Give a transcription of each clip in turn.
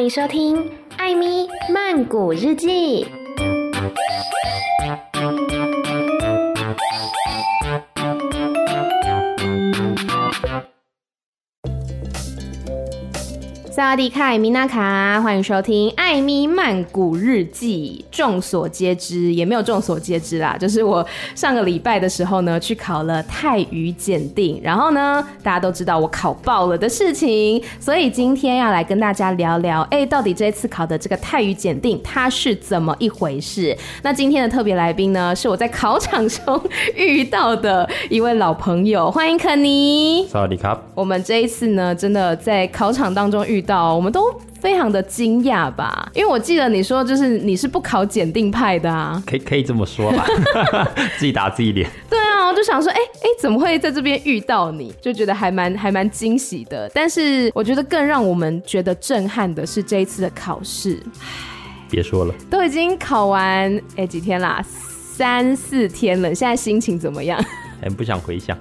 歡迎收聽《艾咪曼谷日記》。薩瓦迪卡，米娜卡，歡迎收聽《艾咪曼谷日記》。眾所皆知，也沒有眾所皆知啦，就是我上個禮拜的時候呢，去考了泰語檢定，然後呢，大家都知道我考爆了的事情。所以今天要來跟大家聊聊，哎，到底這一次考的這個泰語檢定它是怎麼一回事？那今天的特別來賓呢，是我在考場中 遇到的一位老朋友，歡迎肯泰尼。薩瓦迪卡，我們這一次呢，真的在考場當中遇。我們都非常的驚訝吧，因為我記得你說就是你是不考檢定派的啊，可以可以這麼說吧， 自己打自己臉。對啊，我就想說，哎、欸、哎、欸，怎麼會在這邊遇到你？就覺得還蠻還蠻驚喜的。但是我覺得更讓我們覺得震撼的是這一次的考試，別說了，都已經考完哎、欸、幾天啦，三四天了，現在心情怎麼樣？很、欸、不想回想，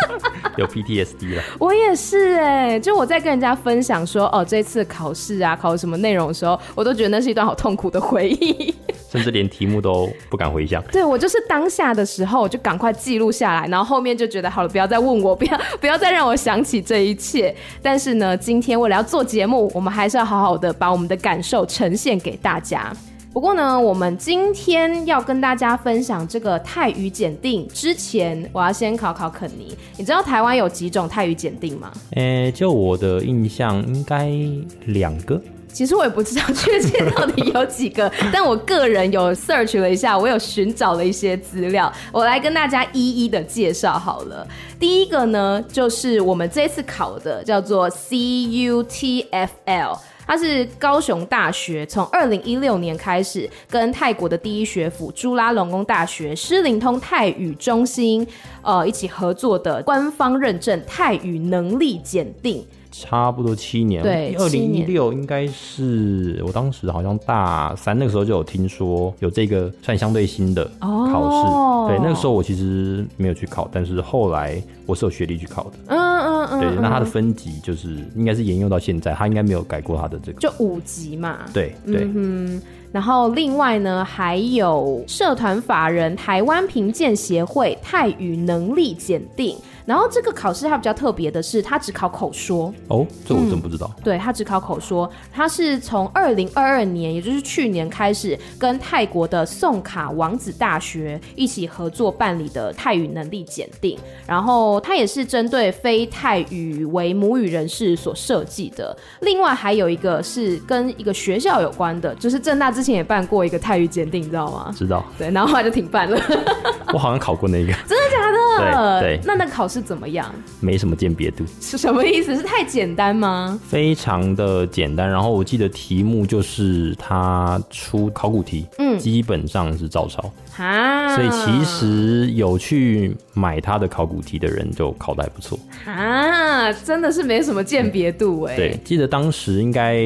有 PTSD 了。 我也是哎、欸，就我在跟人家分享說，哦，這次考試啊，考什麼內容的時候，我都覺得那是一段好痛苦的回憶， 甚至連題目都不敢回想。 對我就是當下的時候，我就趕快記錄下來，然後後面就覺得好了，不要再問我，不要不要再讓我想起這一切。但是呢，今天為了要做節目，我們還是要好好的把我們的感受呈現給大家。不過呢，我們今天要跟大家分享這個泰語檢定之前，我要先考考肯尼。你知道台灣有幾種泰語檢定嗎？欸，就我的印象，應該兩個。其實我也不知道確切到底有幾個， 但我個人有 search 了一下，我有尋找了一些資料，我來跟大家一一的介紹好了。第一個呢，就是我們這次考的叫做 CUTFL。它是高雄大學從二零一六年開始跟泰國的第一學府朱拉隆功大學詩琳通泰語中心，呃，一起合作的官方認證泰語能力檢定。差不多七年，對，二零一六應該是七年，我當時好像大三那個時候就有聽說有這個算相對新的考試。哦、對，那個時候我其實沒有去考，但是後來我是有學歷去考的。嗯嗯，嗯嗯嗯。對，那它的分級就是應該是沿用到現在，它應該沒有改過它的這個。就五級嘛。對對、嗯。然後另外呢，還有社團法人台灣評鑑協會泰語能力檢定。然後這個考試它比較特別的是，它只考口說哦，這我真不知道。嗯、對，它只考口說。它是從二零二二年，也就是去年開始，跟泰國的宋卡王子大學一起合作辦理的泰語能力檢定。然後它也是針對非泰語為母語人士所設計的。另外還有一個是跟一個學校有關的，就是政大之前也辦過一個泰語檢定，你知道嗎？知道。對，然後後來就停辦了。 我好像考過那個。真的假的？對對。對那那個考試，怎麼樣？沒什麼鑑別度，是 什麼意思？是太簡單嗎？非常的簡單。然後我記得題目就是他出考古題，嗯，基本上是照抄、啊、所以其實有去買他的考古題的人，就考得還不錯啊。真的是沒什麼鑑別度哎、欸嗯。對，記得當時應該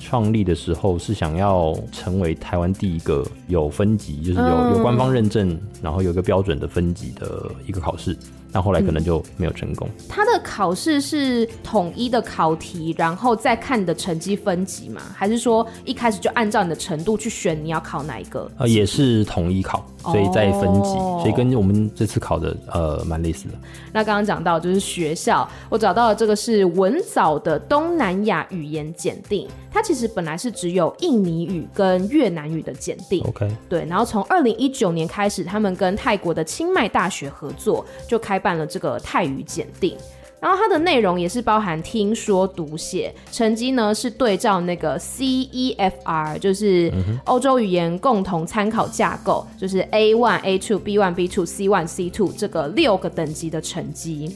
創立的時候是想要成為台灣第一個有分級，就是有、嗯、有官方認證，然後有一個標準的分級的一個考試。那後來可能就沒有成功。嗯、他的考試是統一的考題，然後再看你的成績分級嘛？還是說一開始就按照你的程度去選你要考哪一個？呃，也是統一考，所以再分級，哦、所以跟我們這次考的呃蠻類似的。那剛剛講到就是學校，我找到了這個是文藻的東南亞語言檢定，它其實本來是只有印尼語跟越南語的檢定。OK，對，然後從二零一九年開始，他們跟泰國的清邁大學合作就開。辦了這個泰語檢定，然後它的內容也是包含聽說讀寫，成績呢是對照那個 CEFR，就是歐洲語言共同參考架構，就是 A1 A2 B1 B2 C1 C2 這個六個等級的成績。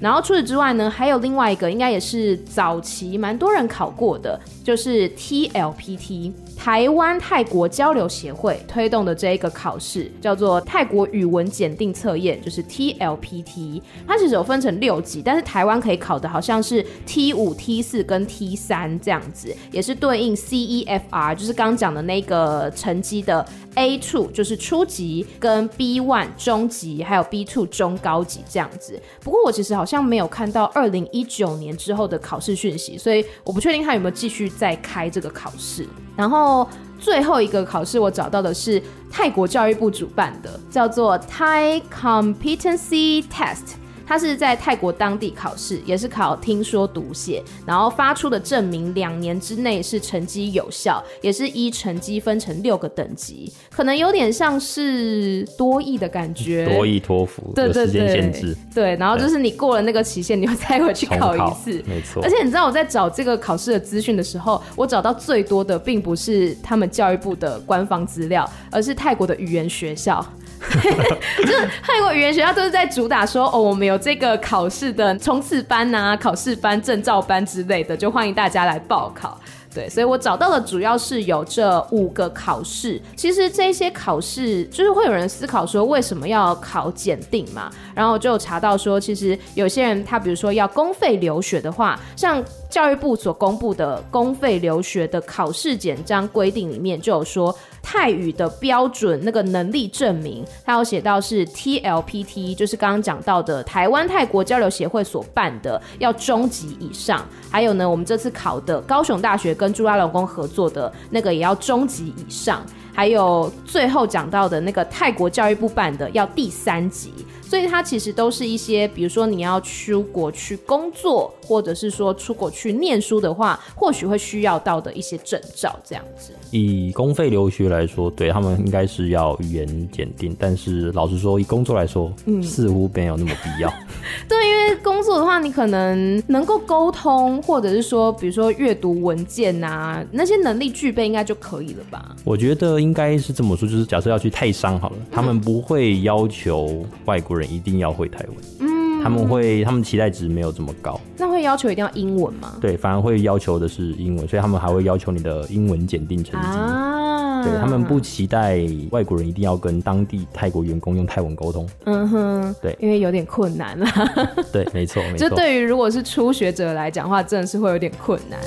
然後除此之外呢，還有另外一個，應該也是早期蠻多人考過的，就是 TLPT，台灣泰國交流協會推動的這一個考試，叫做泰國語文檢定測驗，就是 TLPT，它其實有分成六級，但是台灣可以考的好像是 T 五、T 四跟 T 三這樣子，也是對應 CEFR，就是剛講的那個成績的 A 2，就是初級跟 B one 中級，還有 B 2中高級這樣子。不過我其實好像沒有看到二零一九年之後的考試訊息，所以我不確定他有沒有繼續再開這個考試。然後最後一個考試，我找到的是泰國教育部主辦的，叫做 Thai Competency Test。他是在泰國當地考試，也是考聽說讀寫，然後發出的證明兩年之內是成績有效，也是依成績分成六個等級，可能有點像是多益的感覺。多益托福，對對對。對，然後就是你過了那個期限，你又再回去考一次，沒錯。而且你知道我在找這個考試的資訊的時候，我找到最多的並不是他們教育部的官方資料，而是泰國的語言學校。 就是泰國語言學校都是在主打說哦，我們有這個考試的衝刺班啊、考試班、證照班之類的，就歡迎大家來報考。對，所以我找到的主要是有這五個考試。其實這些考試就是會有人思考說，為什麼要考檢定嘛？然後就查到說，其實有些人他比如說要公費留學的話，像教育部所公布的公費留學的考試簡章規定裡面就有說。泰語的標準那個能力證明，它有寫到是 T L P T，就是剛剛講到的台灣泰國交流協會所辦的，要中級以上。還有呢，我們這次考的高雄大學跟朱拉隆功合作的那個，也要中級以上。還有最後講到的那個泰國教育部辦的，要第三級。所以它其實都是一些，比如說你要出國去工作，或者是說出國去念書的話，或許會需要到的一些證照這樣子。以公費留學來說，對他們應該是要語言檢定，但是老實說，以工作來說，嗯、似乎沒有那麼必要。 對，因為工作的話，你可能能夠溝通，或者是說，比如說閱讀文件啊，那些能力具備應該就可以了吧？我覺得應該是這麼說，就是假設要去泰商好了，他們不會要求外國人一定要會台灣。嗯他們會，他們期待值沒有這麼高。那會要求一定要英文嗎？對，反而會要求的是英文，所以他們還會要求你的英文檢定成績。啊，對，他們不期待外國人一定要跟當地泰國員工用泰文溝通。嗯哼，對，因為有點困難了啊。對，沒錯，沒錯，這對於如果是初學者來講的話，真的是會有點困難。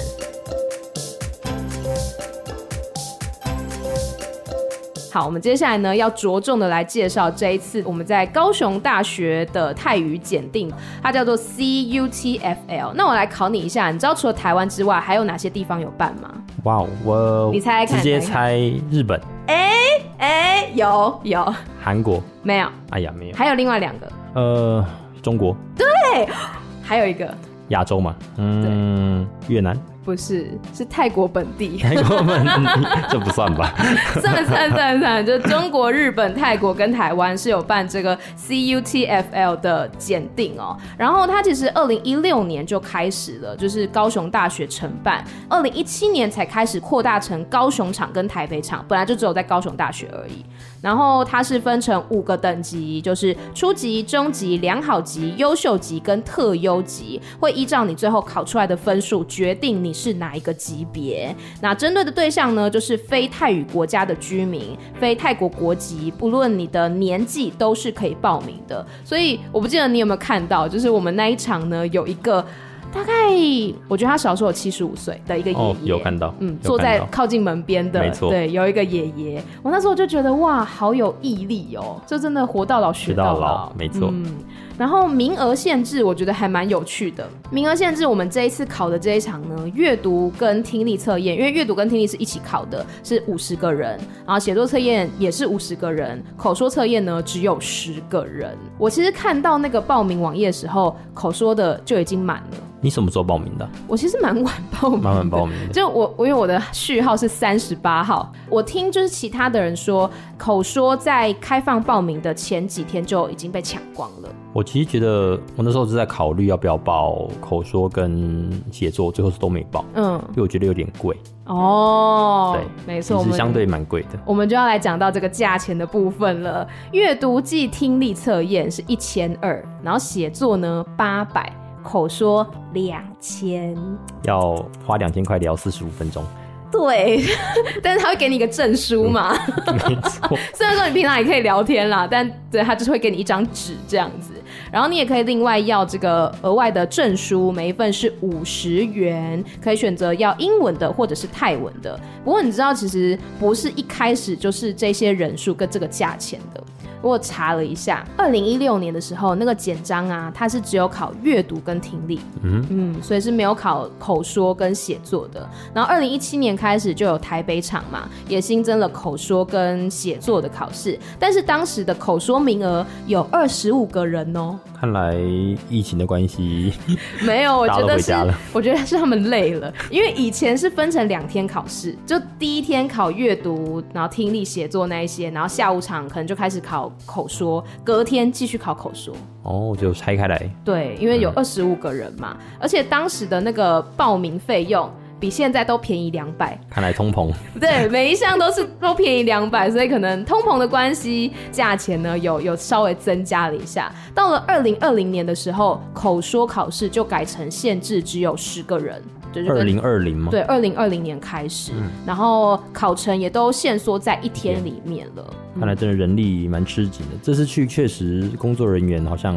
好，我們接下來呢要着重的來介紹這一次我們在高雄大學的泰語檢定，它叫做 CU-TFL。那我來考你一下，你知道除了台灣之外，還有哪些地方有辦嗎？哇哦，你猜，直接猜日本？哎哎、欸欸，有有，韓國沒有？哎呀，沒有，還有另外兩個，呃，中國，對，還有一個亞洲嘛，嗯，對越南。不是，是泰國本地。 泰國本地這不算吧？ 算算算算，就中國、日本、泰國跟台灣是有辦這個 CU-TFL 的檢定哦。然後它其實二零一六年就開始了，就是高雄大學承辦，二零一七年才開始擴大成高雄場跟台北場，本來就只有在高雄大學而已。然後它是分成五個等級，就是初級、中級、良好級、優秀級跟特優級，會依照你最後考出來的分數決定你是哪一個級別。那針對的對象呢，就是非泰語國家的居民、非泰國國籍，不論你的年紀都是可以報名的。所以我不記得你有沒有看到，就是我們那一場呢有一個。大概我覺得他小時候有七十五歲的一個爺爺，哦，有看到，嗯，坐在靠近門邊的，沒錯，對，有一個爺爺，錯我那時候就覺得哇，好有毅力哦，喔，就真的活到老學到老，到老沒錯錯，嗯。然後名額限制，我覺得還蠻有趣的。名額限制，我們這一次考的這一場呢，閱讀跟聽力測驗，因為閱讀跟聽力是一起考的，是五十個人。然後寫作測驗也是五十個人，口說測驗呢只有十個人。我其實看到那個報名網頁的時候，口說的就已經滿了。你什麼時候報名的？我其實蠻晚報名，蠻晚報名的。就我，我因為我的序號是三十八號，我聽就是其他的人說，口說在開放報名的前幾天就已經被搶光了。我其實覺得，我那時候是在考慮要不要報口說跟寫作，最後是都沒報，嗯，因為我覺得有點貴。哦，對，沒錯，是相對蠻貴的。我們就要來講到這個價錢的部分了。閱讀及聽力測驗是一千二，然後寫作呢八百，口說兩千，要花兩千塊聊四十五分鐘。對，但是他會給你一個證書嘛？嗯、沒錯， 雖然說你平常也可以聊天啦，但對他就是會給你一張紙這樣子。然後你也可以另外要這個額外的證書，每一份是五十元，可以選擇要英文的或者是泰文的。不過你知道，其實不是一開始就是這些人數跟這個價錢的。我查了一下，二零一六年的時候，那個簡章啊，它是只有考閱讀跟聽力，嗯哼，嗯，所以是沒有考口說跟寫作的。然後二零一七年開始就有台北場嘛，也新增了口說跟寫作的考試。但是當時的口說名額有二十五個人喔。看來疫情的關係，沒有，我覺得是，我覺得是他們累了，因為以前是分成兩天考試，就第一天考閱讀，然後聽力、寫作那一些，然後下午場可能就開始考。口說隔天繼續考口說哦，就拆開來。對，因為有二十五個人嘛，嗯、而且當時的那個報名費用比現在都便宜兩百，看來通膨。對，每一項都是都便宜兩百，所以可能通膨的關係，價錢呢有有稍微增加了一下。到了二零二零年的時候，口說考試就改成限制只有十個人。就是二零二零嗎？對，二零二零年開始，嗯、然後考程也都限縮在一天裡面了。Yeah. 嗯、看來真的人力蠻吃緊的，這次去確實工作人員好像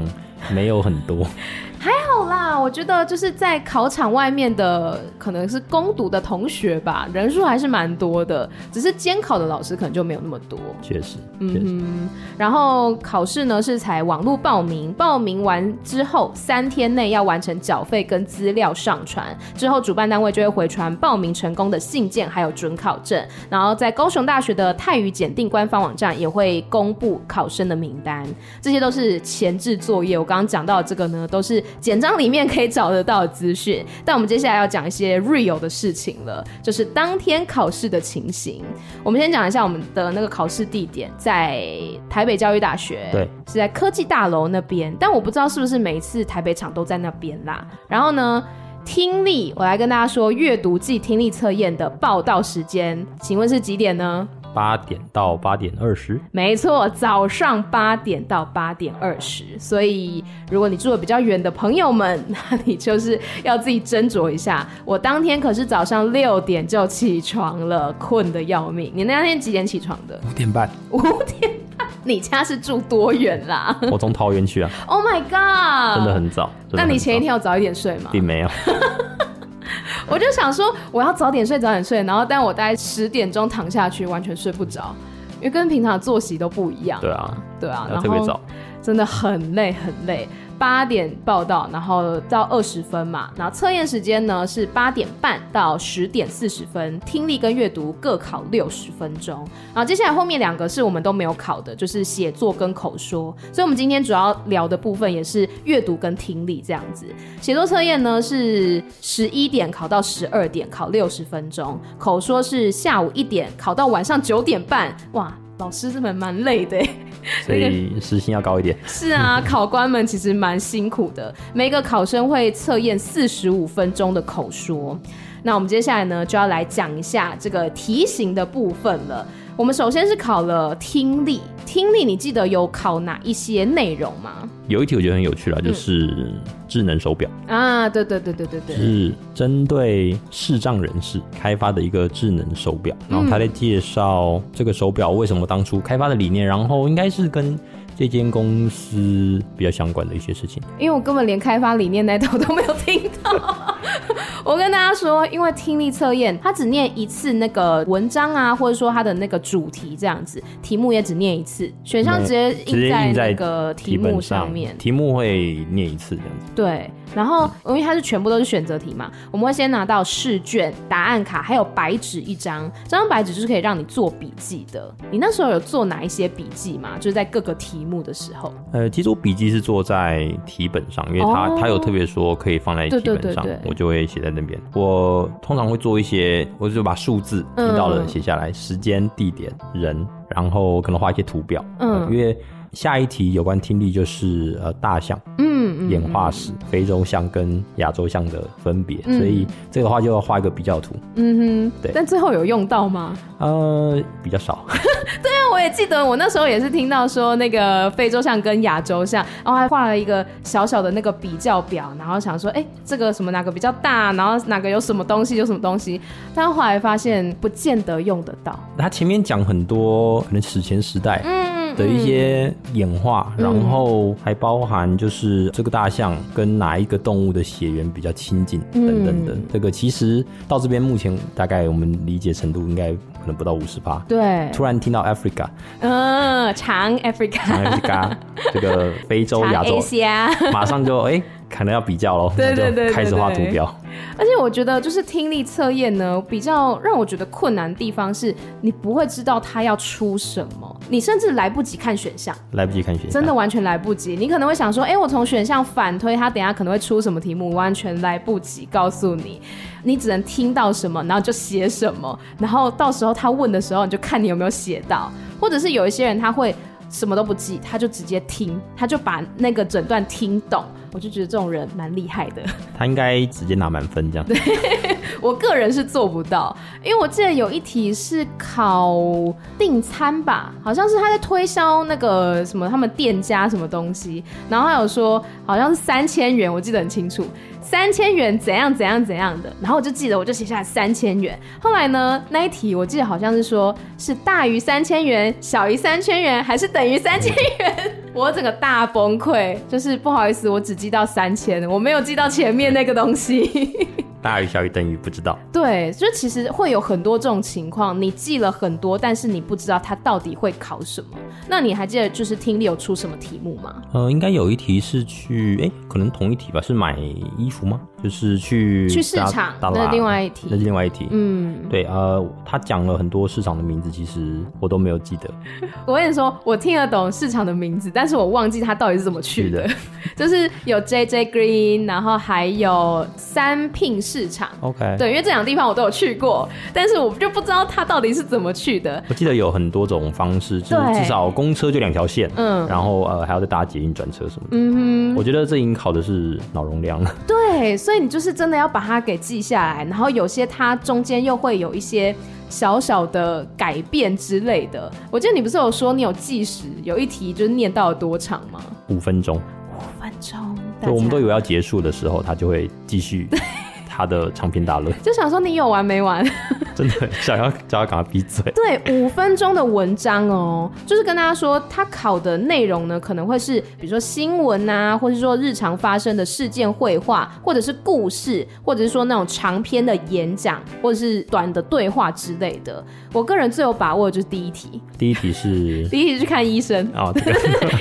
沒有很多。 好啦，我覺得就是在考場外面的可能是工讀的同學吧，人數還是蠻多的，只是監考的老師可能就沒有那麼多。確實，嗯哼。實然後考試呢是採網絡報名，報名完之後三天內要完成繳費跟資料上傳，之後主辦單位就會回傳報名成功的信件還有准考證，然後在高雄大學的泰語檢定官方網站也會公布考生的名單，這些都是前置作業。我剛剛講到的這個呢，都是檢。文章裡面可以找得到資訊，但我們接下來要講一些 real 的事情了，就是當天考試的情形。我們先講一下我們的那個考試地點，在台北教育大學，對，是在科技大樓那邊。但我不知道是不是每一次台北場都在那邊啦。然後呢，聽力，我來跟大家說，閱讀暨聽力測驗的報到時間，請問是幾點呢？八點到八點二十，沒錯，早上八點到八點二十。所以，如果你住的比較遠的朋友們，那你就是要自己斟酌一下。我當天可是早上六點就起床了，睏得要命。你那天幾點起床的？五點半。五點半，你家是住多遠啦，啊？我從桃園去啊。Oh my god！真的很早。很早，那你前一天有早一點睡嗎？並沒有。 我就想說，我要早點睡，早點睡。然後，但我大概十點鐘躺下去，完全睡不着，因為跟平常的作息都不一樣。對啊，對啊，然後真的很累，很累。八點報到，然後到二十分嘛。然後測驗時間呢是八點半到十點四十分，聽力跟閱讀各考六十分鐘。然後接下來後面兩個是我們都沒有考的，就是寫作跟口說。所以我們今天主要聊的部分也是閱讀跟聽力這樣子。寫作測驗呢是十一點考到十二點，考六十分鐘。口說是下午一點考到晚上九點半，哇。老師這邊蠻累的，所以時薪要高一點。 是啊， 考官們其實蠻辛苦的，每個考生會測驗四十五分鐘的口說。那我們接下來呢，就要來講一下這個題型的部分了。我們首先是考了聽力，聽力你記得有考哪一些內容嗎？有一題我覺得很有趣啦，嗯、就是智能手錶啊，對對對對對對，是針對視障人士開發的一個智能手錶，然後他在介紹這個手錶為什麼當初開發的理念，然後應該是跟這間公司比較相關的一些事情，因為我根本連開發理念那套都沒有聽到。 我跟大家說，因為聽力測驗，它只念一次那個文章啊，或者說它的那個主題這樣子，題目也只念一次，選項直接直接印在那個題目上面題本上，題目會念一次這樣子，對。然後因為它是全部都是選擇題嘛，我們會先拿到試卷、答案卡，還有白紙一張。這張白紙就是可以讓你做筆記的。你那時候有做哪一些筆記嗎？就是在各個題目的時候。呃，其實我筆記是做在題本上，因為它、哦、它有特別說可以放在題本上，對對對對對，我就會寫在那邊。我通常會做一些，我就把數字聽到了寫下來，嗯、時間、地點、人，然後可能畫一些圖表。嗯、呃，因為下一題有關聽力就是呃大象。嗯。演化史，非洲象跟亞洲象的分別，嗯、所以這個話就要畫一個比較圖。嗯哼，對。但最後有用到嗎？呃，比較少。 對啊，我也記得我那時候也是聽到說那個非洲象跟亞洲象，然後還畫了一個小小的那個比較表，然後想說，哎、欸，這個什麼哪個比較大，然後哪個有什麼東西有什麼東西。但後來發現不見得用得到。他前面講很多，可能史前時代。嗯的一些演化，嗯、然後還包含就是這個大象跟哪一個動物的血緣比較親近、嗯、等等等。這個其實到這邊目前大概我們理解程度應該可能不到五十八。對，突然聽到 Africa，嗯，長 Africa，長 Africa 這個非洲亞洲，馬上就哎。誒可能要比較嘍，對對，對對對，開始畫圖表。而且我覺得，就是聽力測驗呢，比較讓我覺得困難的地方是，你不會知道他要出什麼，你甚至來不及看選項，來不及看選項，真的完全來不及。你可能會想說，哎、欸，我從選項反推他，等下可能會出什麼題目，我完全來不及告訴你。你只能聽到什麼，然後就寫什麼，然後到時候他問的時候，你就看你有沒有寫到。或者是有一些人他會。什麼都不記，他就直接聽，他就把那個整段聽懂。我就覺得這種人蠻厲害的。他應該直接拿滿分這樣子。我個人是做不到，因為我記得有一題是考訂餐吧，好像是他在推銷那個什麼他們店家什麼東西，然後他有說好像是三千元，我記得很清楚。三千元怎樣怎樣怎樣的，然後我就記得，我就寫下來三千元。後來呢，那一題我記得好像是說是大於三千元，小於三千元，還是等於三千元？我整個大崩潰，就是不好意思，我只記到三千，我沒有記到前面那個東西。大於、小於、等於不知道。對，就其實會有很多這種情況，你記了很多，但是你不知道它到底會考什麼。那你還記得就是聽力有出什麼題目嗎？呃，應該有一題是去，哎、欸，可能同一題吧，是買衣服嗎？就是去去市場，那另外一題，那是另外一題。一題嗯，對呃，他講了很多市場的名字，其實我都沒有記得。我跟你說，我聽得懂市場的名字，但是我忘記他到底是怎麼去的。是的。就是有 JJ Green，然後還有三聘市場。OK，對，因為這兩個地方我都有去過，但是我就不知道他到底是怎麼去的。我記得有很多種方式，就是、至少公車就兩條線，嗯，然後呃還要再搭捷運轉車什麼的。嗯哼，我覺得這已經考的是腦容量了。對。所以所以你就是真的要把它給記下來，然後有些它中間又會有一些小小的改變之類的。我記得你不是有說你有計時，有一題就是念到了多長嗎？五分鐘，五分鐘。對，我們都以為要結束的時候，它就會繼續。他的長篇大論，就想說你有完沒完？真的想要叫他趕快閉嘴。 對，五分鐘的文章哦、喔，就是跟大家說他考的內容呢，可能會是比如說新聞啊，或是說日常發生的事件繪畫，或者是故事，或者是說那種長篇的演講，或者是短的對話之類的。我個人最有把握的就是第一題，第一題是 第一題是去看醫生哦、這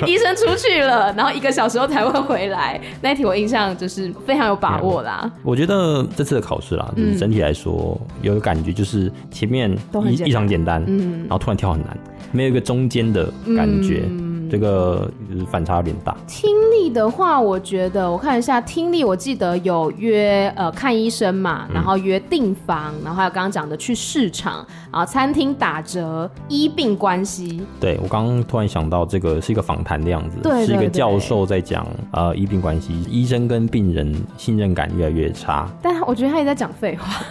個、 醫生出去了，然後一個小時後才會回來。那一題我印象就是非常有把握啦。嗯、我覺得。這次的考試啦，就是整體來說，嗯，有個感覺，就是前面異異常簡單，嗯嗯，然後突然跳很難，沒有一個中間的感覺。嗯這個就是反差有點大。聽力的話，我覺得我看一下聽力，我記得有約呃看醫生嘛，然後約訂房，嗯、然後還有剛剛講的去市場啊，然後餐廳打折，醫病關係。對，我剛剛突然想到，這個是一個訪談的樣子，對對對對，是一個教授在講啊、呃、醫病關係，醫生跟病人信任感越來越差。但他我覺得他也在講廢話。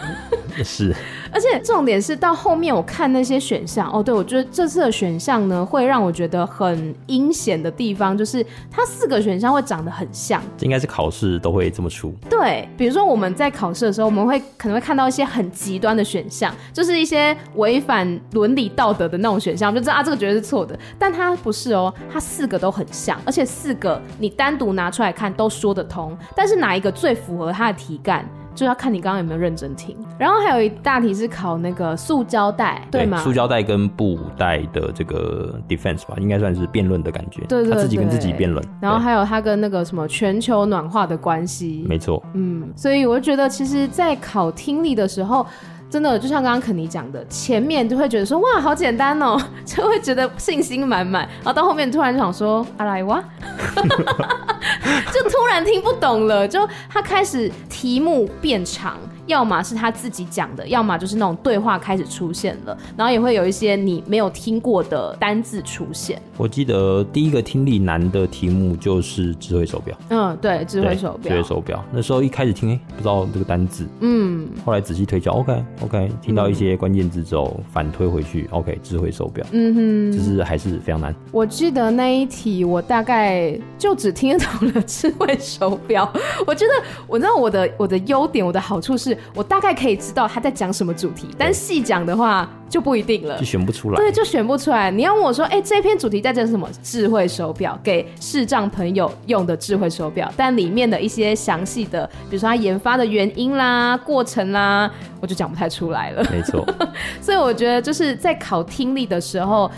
是。而且重點是到後面我看那些選項哦，喔、對我覺得這次的選項呢，會讓我覺得很陰險的地方，就是它四個選項會長得很像。應該是考試都會這麼出。對，比如說我們在考試的時候，我們會可能會看到一些很極端的選項，就是一些違反倫理道德的那種選項，我就知道啊，這個絕對是錯的，但它不是哦、喔，它四個都很像，而且四個你單獨拿出來看都說得通，但是哪一個最符合它的題幹？就要看你剛剛有沒有認真聽，然後還有一大題是考那個塑膠袋，對嗎？對，塑膠袋跟布袋的這個 defense 吧，應該算是辯論的感覺。對對對，他自己跟自己辯論。然後還有他跟那個什麼全球暖化的關係，對。沒錯。嗯，所以我覺得其實在考聽力的時候。真的就像剛剛肯尼講的，前面就會覺得說哇好簡單哦，喔，就會覺得信心滿滿，然後到後面突然想說阿來哇， 就突然聽不懂了，就他開始題目變長。要麼是他自己講的，要麼就是那種對話開始出現了，然後也會有一些你沒有聽過的單字出現。我記得第一個聽力難的題目就是智慧手錶。嗯，對，智慧手錶。智慧手錶。那時候一開始聽，欸，不知道這個單字。嗯。後來仔細推敲，OK，OK，、OK, OK，聽到一些關鍵字之後，嗯，反推回去，OK，智慧手錶。嗯哼，就是還是非常難。我記得那一題，我大概就只聽得懂了智慧手錶。 我覺得，我知道我的我的優點，我的好處是。我大概可以知道他在講什麼主題，但細講的話就不一定了，就選不出來，對，就選不出來。你要問我說，哎、欸，這篇主題在講什麼？智慧手錶給視障朋友用的智慧手錶，但裡面的一些詳細的，比如說他研發的原因啦、過程啦，我就講不太出來了。沒錯錯， 所以我覺得就是在考聽力的時候。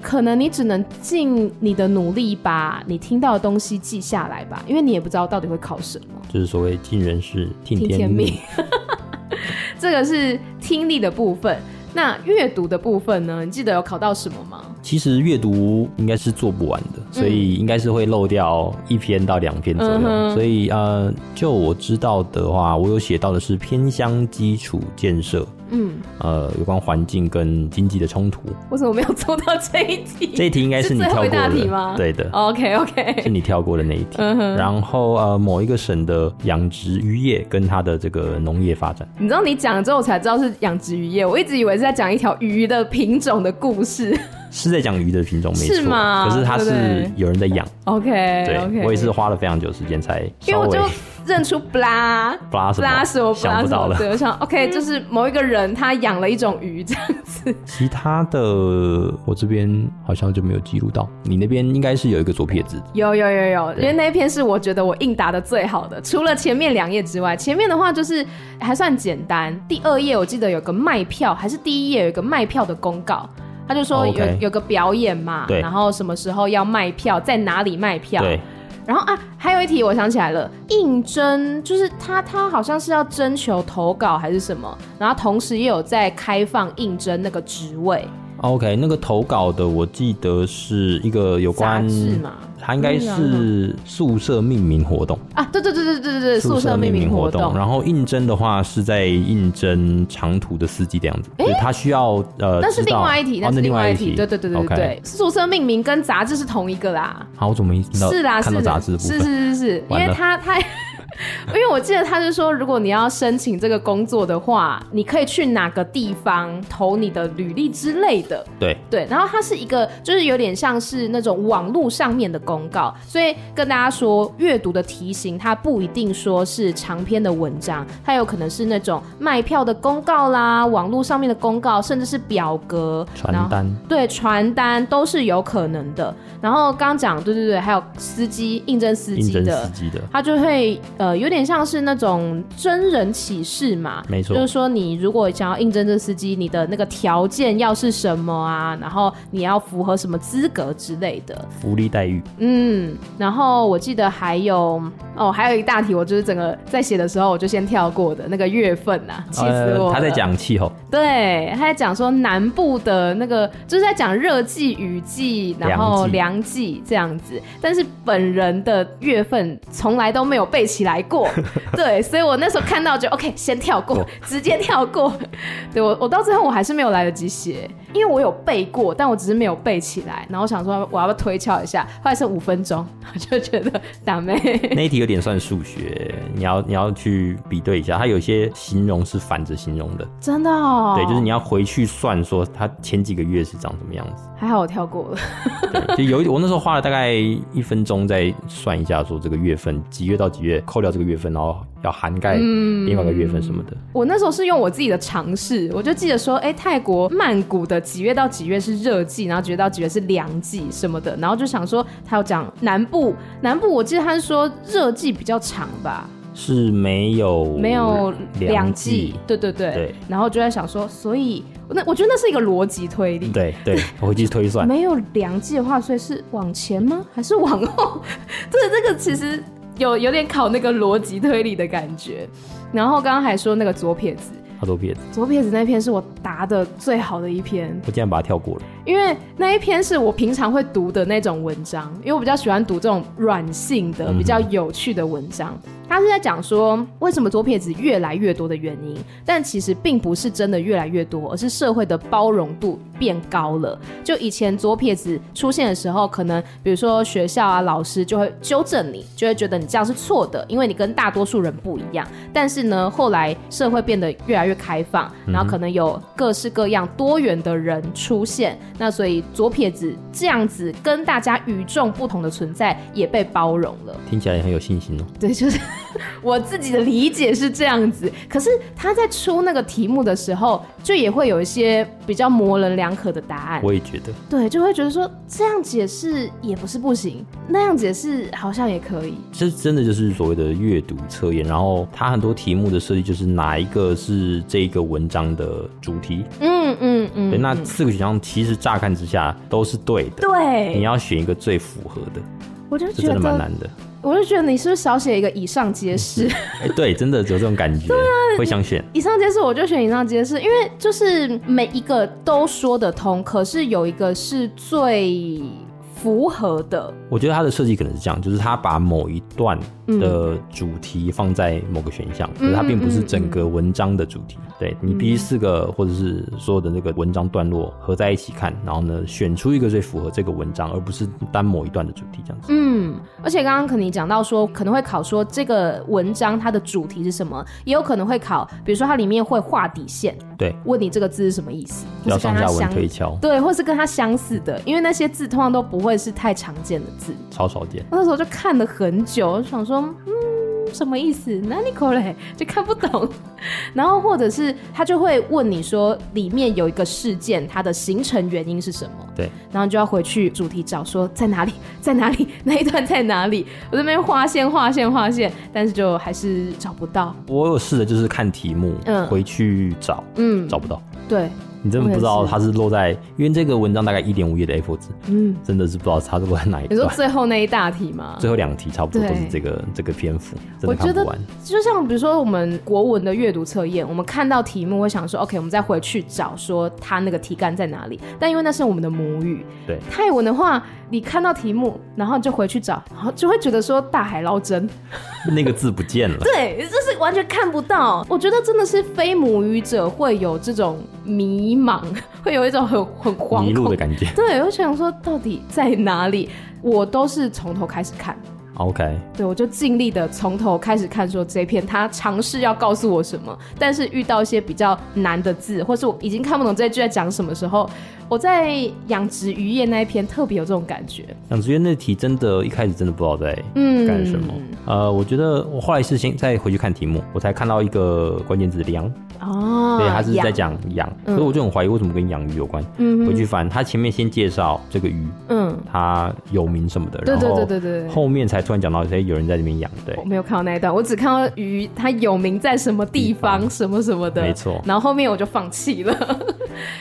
可能你只能盡你的努力把你聽到的東西記下來吧，因為你也不知道到底會考什麼。就是所謂盡人事聽天命。天命 這個是聽力的部分，那閱讀的部分呢？你記得有考到什麼嗎？其實閱讀應該是做不完的，所以應該是會漏掉一篇到兩篇左右。嗯、哼所以、呃、就我知道的話，我有寫到的是偏鄉基礎建設。嗯，呃，有關環境跟經濟的衝突。為什麼沒有做到這一題？這一題應該是你跳過的那一題嗎？對的，OK OK，是你跳過的那一題。嗯哼。然後呃，某一個省的養殖漁業跟它的這個農業發展。你知道你講了之後，我才知道是養殖漁業，我一直以為是在講一條魚的品種的故事。是在講魚的品種沒錯，是嗎？可是它是有人在養。OK，對，我也是花了非常久時間才，因為我就認出布拉布拉什麼，我想不到了，OK，就是某一個人他養了一種魚這樣子。其他的我這邊好像就沒有記錄到，你那邊應該是有一個左撇子，有有有有，因為那篇是我覺得我應答的最好的，除了前面兩頁之外，前面的話就是還算簡單。第二頁我記得有個賣票，還是第一頁有一個賣票的公告。他就說有 okay, 有個表演嘛，對然後什麼時候要賣票，在哪裡賣票，對然後啊，還有一題我想起來了，應徵就是他他好像是要徵求投稿還是什麼，然後同時也有在開放應徵那個職位。OK，那個投稿的我記得是一個有關雜誌嘛。他應該是宿舍命名活動啊，對對對對對對對，宿舍命名活動。然後應徵的話是在應徵長途的司機這樣子，誒他需要呃，那是另外一題，道那是另外一題，哦、一題對對對對對，okay 宿舍命名跟雜誌是同一個啦。好，什麼意思？是啦，是看到雜誌，是是是是，了因為他他。 因為我記得他是說，如果你要申請這個工作的話，你可以去哪個地方投你的履歷之類的。對對，然後它是一個，就是有點像是那種網絡上面的公告，所以跟大家說，閱讀的題型它不一定說是長篇的文章，它有可能是那種賣票的公告啦，網絡上面的公告，甚至是表格傳單。對，傳單都是有可能的。然後剛講，對對對，還有司機應徵司機的，司機的他就會呃。呃，有點像是那種真人啟事嘛，沒錯錯，就是說你如果想要應徵這司機，你的那個條件要是什麼啊？然後你要符合什麼資格之類的？福利待遇，嗯，然後我記得還有哦，還有一大題，我就是整個在寫的時候，我就先跳過的那個月份啊，氣死我、啊啊！他在講氣候，對，他在講說南部的那個，就是在講熱季、雨季，然後涼季記這樣子，但是本人的月份從來都沒有背起來。來過， 對，所以我那時候看到就 OK，先跳過， 直接跳過。對，我，我到最後我還是沒有來得及寫，因為我有背過，但我只是沒有背起來。然後我想說我要不要推敲一下，後來剩五分鐘，我就覺得大妹。那一題有點算數學，你要你要去比對一下，它有些形容是反着形容的，真的哦。對，就是你要回去算，說它前幾個月是長什麼樣子。還好我跳過了， 對，就有一，我那時候花了大概一分鐘在算一下，說這個月份幾月到幾月。過了這個月份，然後要涵蓋另外的個月份什麼的、嗯。我那時候是用我自己的嘗試，我就記得說，哎、欸，泰國曼谷的幾月到幾月是熱季，然後幾月到幾月是涼季什麼的。然後就想說，他要講南部，南部我記得他是說熱季比較長吧？是沒有沒有涼季？對對對。對然後就在想說，所以我那我覺得那是一個邏輯推理，對對，我會去推算 沒有涼季的話，所以是往前嗎？還是往後？ 對，這個其實。有有點考那個邏輯推理的感覺，然後剛剛還說那個左撇子。好多撇子，左撇子那篇是我答的最好的一篇，我竟然把它跳過了，因為那一篇是我平常會讀的那種文章，因為我比較喜歡讀這種軟性的、比較有趣的文章。他、嗯、哼是在講說為什麼左撇子越來越多的原因，但其實並不是真的越來越多，而是社會的包容度變高了。就以前左撇子出現的時候，可能比如說學校啊、老師就會糾正你，就會覺得你這樣是錯的，因為你跟大多數人不一樣。但是呢，後來社會變得越來越。越開放，然後可能有各式各樣多元的人出現，那所以左撇子這樣子跟大家與眾不同的存在也被包容了。聽起來也很有信心哦？對，就是 我自己的理解是這樣子。可是他在出那個題目的時候，就也會有一些比較模棱兩可的答案。我也覺得，對，就會覺得說這樣解釋也不是不行，那樣解釋好像也可以。這真的就是所謂的閱讀測驗，然後他很多題目的設計就是哪一個是。這一個文章的主題，嗯嗯嗯對，那四個選項其實乍看之下都是對的，對，你要選一個最符合的，我就覺得蠻難的。我就覺得你是不是少寫一個“以上皆是”？哎， 對，真的有這種感覺，對啊，會想選“以上皆是”，我就選“以上皆是”，因為就是每一個都說得通，可是有一個是最，符合的，我覺得它的設計可能是這樣，就是它把某一段的主題放在某個選項，嗯、可是它並不是整個文章的主題。嗯嗯嗯嗯，對，你必須四個或者是所有的那個文章段落合在一起看，然後呢，選出一個最符合這個文章，而不是單某一段的主題這樣子。嗯，而且剛剛可能講到說，可能會考說這個文章它的主題是什麼，也有可能會考，比如說它裡面會畫底線，對，問你這個字是什麼意思，要上下文推敲，對，或是跟它相似的，因為那些字通常都不會。也是太常見的字，超少見。我那時候就看了很久，我就想說，嗯，什麼意思？何これ嘞，就看不懂。 然後或者是他就會問你說，裡面有一個事件，它的形成原因是什麼？對。然後你就要回去主題找說，說在哪裡，在哪裡，那一段在哪裡？我這邊畫線，畫線，畫線，但是就還是找不到。我有試的就是看題目，嗯，回去找，嗯，找不到，對。你真的不知道它是落在，因為這個文章大概一點五頁的 A4 紙嗯，真的是不知道它是落在哪一段。你說最後那一大題嗎？最後兩題差不多都是這個對這個篇幅，真的看不完。我覺得就像比如說我們國文的閱讀測驗，我們看到題目，會想說 OK，我們再回去找說它那個題幹在哪裡，但因為那是我們的母語，對泰文的話，你看到題目，然後你就回去找，然後就會覺得說大海撈針， 那個字不見了，對，就是完全看不到。我覺得真的是非母語者會有這種迷忙會有一種很很慌迷路的感覺，對，我就想說到底在哪裡，我都是從頭開始看。OK，對，我就盡力的從頭開始看，說這篇他嘗試要告訴我什麼，但是遇到一些比較難的字，或是我已經看不懂這一句在講什麼時候，我在養殖漁業那一篇特別有這種感覺。養殖業那題真的，一開始真的不知道在嗯幹什麼。嗯、呃，我覺得我後來是先再回去看題目，我才看到一個關鍵字“梁”。哦，對，他是在講養，所以、嗯、我就很懷疑，為什麼跟養魚有關。嗯，回去翻他前面先介紹這個魚，嗯，他有名什麼的，然後對對對對對，後面才突然講到哎，有人在裡面養。對，我沒有看到那一段，我只看到魚它有名在什麼地方，地方什麼什麼的，沒錯。然後後面我就放棄了。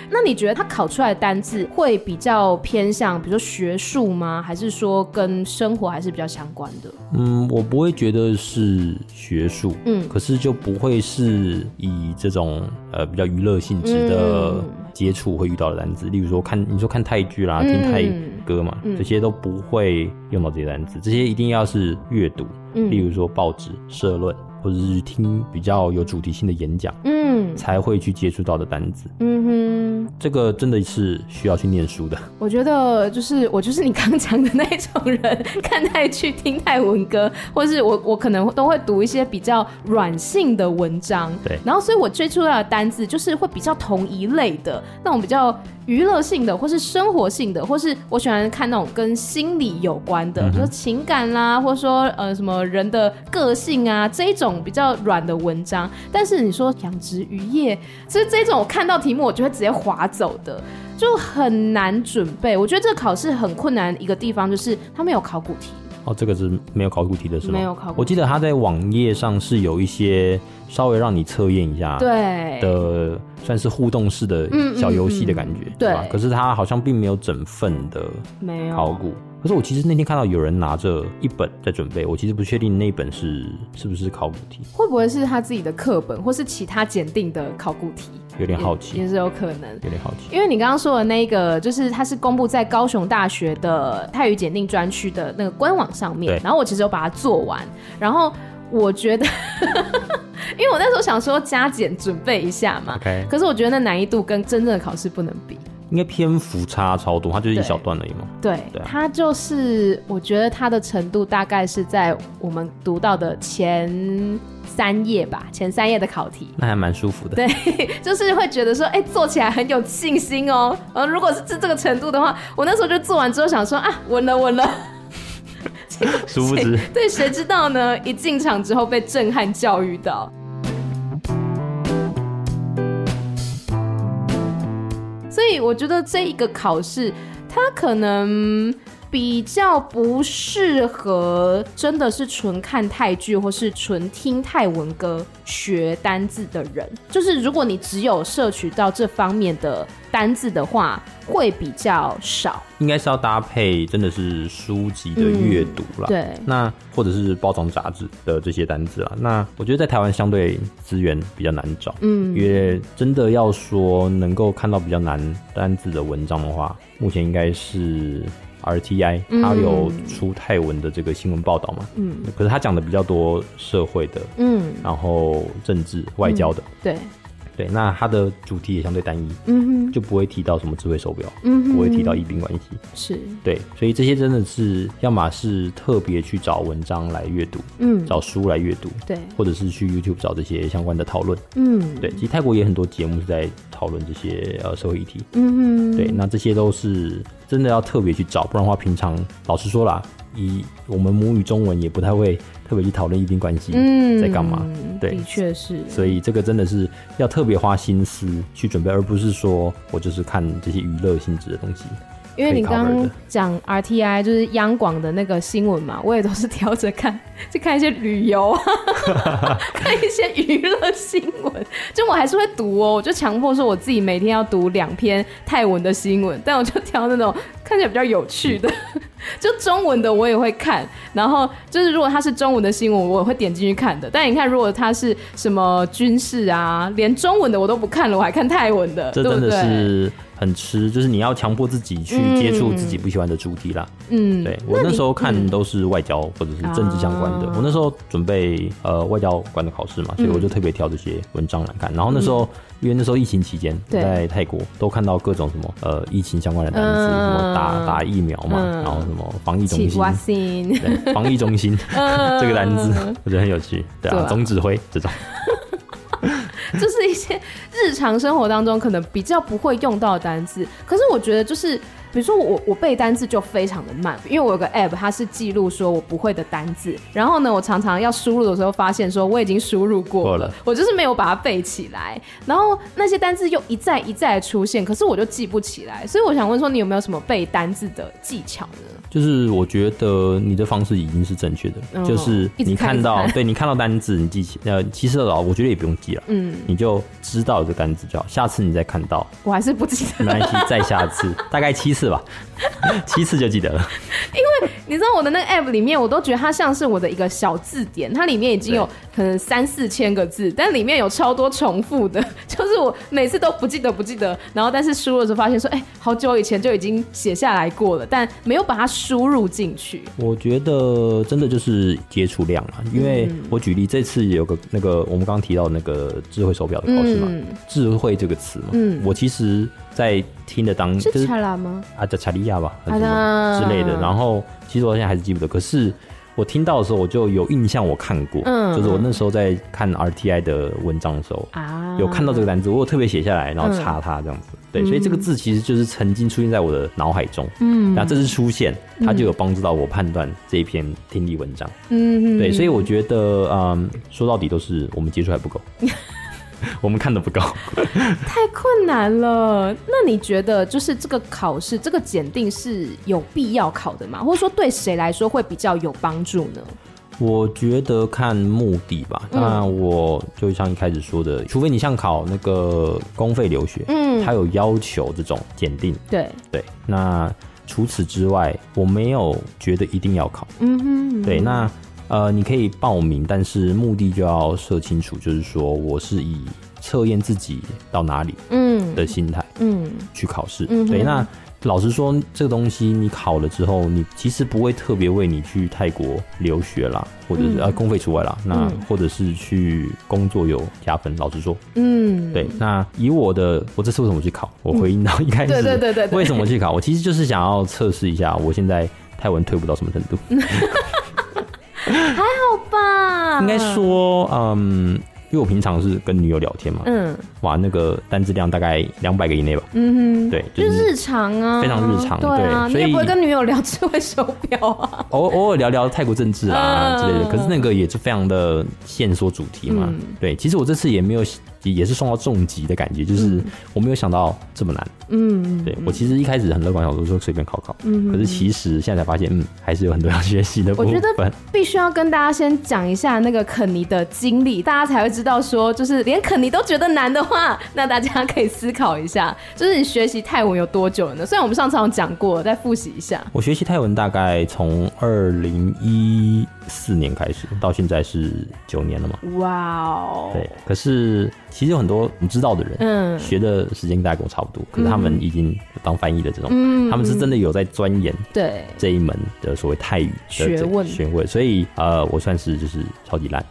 那你覺得他考出來的單字會比較偏向，比如說學術嗎？還是說跟生活還是比較相關的？嗯，我不會覺得是學術，嗯，可是就不會是以這。這種呃比較娛樂性質的接觸會遇到的單詞，嗯、例如說看你說看泰劇啦、啊、聽泰歌嘛，嗯嗯、這些都不會用到這些單詞。這些一定要是閱讀，例如說報紙、嗯、社論。或者是聽比較有主題性的演講，嗯，才會去接觸到的單字，嗯哼，這個真的是需要去念書的。我覺得就是我就是你剛講的那種人，看待去聽泰文歌，或是我我可能都會讀一些比較軟性的文章，對，然後所以我追出來的單字就是會比較同一類的，那種比較娛樂性的，或是生活性的，或是我喜歡看那種跟心理有關的，就，嗯哼，情感啦，啊，或者說呃什麼人的個性啊這一種。比較軟的文章，但是你說養殖漁業，所以這種我看到題目我就會直接滑走的，就很難準備。我覺得這個考試很困難一個地方就是它沒有考古題。哦，這個是沒有考古題的是嗎？沒有考古題。我記得它在網頁上是有一些稍微讓你測驗一下的，對算是互動式的小遊戲的感覺，嗯嗯嗯對吧？可是它好像並沒有整份的考古。可是我其實那天看到有人拿着一本在準備，我其實不確定那一本是是不是考古題，會不會是他自己的課本，或是其他檢定的考古題？有點好奇，也是有可能。有點好奇，因為你剛剛說的那個，就是它是公布在高雄大學的泰語檢定專區的那個官網上面，對然後我其實有把它做完，然後我覺得， 因為我那時候想說加減準備一下嘛，Okay. 可是我覺得那難易度跟真正的考試不能比。應該篇幅差超多，它就是一小段而已嘛。對，它、啊、就是，我覺得它的程度大概是在我們讀到的前三頁吧，前三頁的考題，那還蠻舒服的。對，就是會覺得說，哎、欸，做起來很有信心哦、喔。然後如果是這這個程度的話，我那時候就做完之後想說啊，穩了，穩了。殊不知，對，誰知道呢？一進場之後被震撼教育到。我覺得這一個考試，他可能。比較不適合，真的是純看泰劇或是純聽泰文歌學單字的人，就是如果你只有攝取到這方面的單字的話，會比較少，應該是要搭配真的是書籍的閱讀啦，嗯、對，那或者是包裝雜誌的這些單字啦，那我覺得在台灣相對資源比較難找，嗯，因為真的要說能夠看到比較難單字的文章的話，目前應該是。RTI，他有出泰文的這個新聞報道嘛？嗯，可是他講的比較多社會的，嗯，然後政治外交的，嗯、對。對，那它的主題也相對單一，嗯哼就不會提到什麼智慧手錶，嗯哼不會提到醫病關係，是對，所以這些真的是要嘛，是特別去找文章來閱讀，嗯，找書來閱讀，對，或者是去 YouTube 找這些相關的討論，嗯，對，其實泰國也很多節目是在討論這些呃社會議題，嗯哼，對，那這些都是真的要特別去找，不然的話，平常老實說啦。一，我們母語中文也不太會特別去討論一定關係在幹嘛、嗯，對，的確是，所以這個真的是要特別花心思去準備，而不是說我就是看這些娛樂性質的東西。因為你剛剛講 RTI 就是央廣的那個新聞嘛，我也都是挑着看，去看一些旅遊， 看一些娛樂新聞，就我還是會讀哦，我就強迫說我自己每天要讀兩篇泰文的新聞，但我就挑那種。看起來比較有趣的，嗯、 就中文的我也會看，然後就是如果它是中文的新聞，我也會點進去看的。但你看，如果它是什麼軍事啊，連中文的我都不看了，我還看泰文的，這真的是很吃，就是你要強迫自己去接觸自己不喜歡的主題啦。嗯對，對我那時候看都是外交或者是政治相關的，嗯、我那時候準備呃外交官的考試嘛，所以我就特別挑這些文章來看，然後那時候。因為那時候疫情期間，在泰國都看到各種什麼呃疫情相關的單字、嗯、什麼打打疫苗嘛，嗯、然後什麼防疫中心，心防疫中心、嗯、呵呵這個單字我覺得很有趣，對啊，對啊總指揮這種， 就是一些日常生活當中可能比較不會用到的單字，可是我覺得就是。比如說我我背單字就非常的慢，因為我有個 app，它是記錄說我不會的單字，然後呢，我常常要輸入的時候發現說我已經輸入過了，我就是沒有把它背起來，然後那些單字又一再一再出現，可是我就記不起來，所以我想問說你有沒有什麼背單字的技巧呢？就是我覺得你的方式已經是正確的，嗯、就是你看到，看看對你看到單字，你記起呃其實了，我覺得也不用記了，嗯，你就知道這個單字就好，下次你再看到，我還是不記得，沒關係，再下次 大概七次吧。 七次就記得了， 因為你知道我的那個 app 裡面，我都覺得它像是我的一個小字典，它裡面已經有可能三四千個字，對但裡面有超多重複的，就是我每次都不記得不記得，然後但是輸了之後發現說，哎、欸，好久以前就已經寫下來過了，但沒有把它輸入進去。我覺得真的就是接觸量啊，因為我舉例這次有個那個我們剛剛提到的那個智慧手表的考試嘛，嗯，“智慧”這個詞嘛，嗯，我其實。在聽的當、就是、是查拉嗎？啊，叫查利亞吧，還是什麼之類的、啊、之類的。然後，其實我現在還是記不得。可是我聽到的時候，我就有印象，我看過，嗯、就是我那時候在看 R T I 的文章的時候，嗯、有看到這個單詞，我特別寫下來，然後查它這樣子。嗯、對，所以這個字其實就是曾經出現在我的腦海中。嗯，然後這次出現，它就有幫助到我判斷這一篇聽力文章。嗯，對，所以我覺得，嗯，說到底都是我們接觸還不夠。 我們看的不夠 ，太困難了。那你覺得就是這個考試，這個檢定是有必要考的嗎？或者說對誰來說會比較有幫助呢？我覺得看目的吧。當然我就像一開始說的，嗯、除非你像考那個公費留學，嗯，它有要求這種檢定，對對。那除此之外，我沒有覺得一定要考。嗯哼，嗯哼，對那。呃，你可以報名，但是目的就要設清楚，就是說我是以測驗自己到哪裡，嗯，的心態，嗯，去考試。嗯嗯嗯、對，那老實說，這個東西你考了之後，你其實不會特別為你去泰國留學啦，或者是啊公、嗯呃、費除外啦，那或者是去工作有加分。老實說，嗯，對，那以我的，我這次為什麼去考？我回應到一開始，嗯、對，對，對對對對，為什麼去考？我其實就是想要測試一下我現在泰文退步到什麼程度。嗯 還好吧，應該說，嗯，因為我平常是跟女友聊天嘛，嗯，哇，那個單字量大概兩百個以內吧，嗯，對，就是日常啊，非常日常，對，啊、對，所以不會跟女友聊智慧手錶啊，偶偶爾聊聊泰國政治啊之類的，可是那個也是非常的限縮主題嘛，嗯、對，其實我這次也沒有。也是受到重擊的感覺，就是我沒有想到這麼難。嗯，對，我其實一開始很樂觀，想說隨便考考。嗯，可是其實現在才發現，嗯，還是有很多要學習的部分。我覺得必須要跟大家先講一下那個肯尼的經歷，大家才會知道說，就是連肯尼都覺得難的話，那大家可以思考一下，就是你學習泰文有多久了呢？雖然我們上次有講過，再複習一下。我學習泰文大概從二零一。四年開始到現在是九年了嘛？哇哦 Wow！對，可是其實有很多你知道的人，嗯，學的時間大概跟我差不多，嗯、可是他們已經當翻譯的這種，嗯、他們是真的有在鑽研對這一門的所謂泰語的這學問，學問，所以呃，我算是就是。超級爛，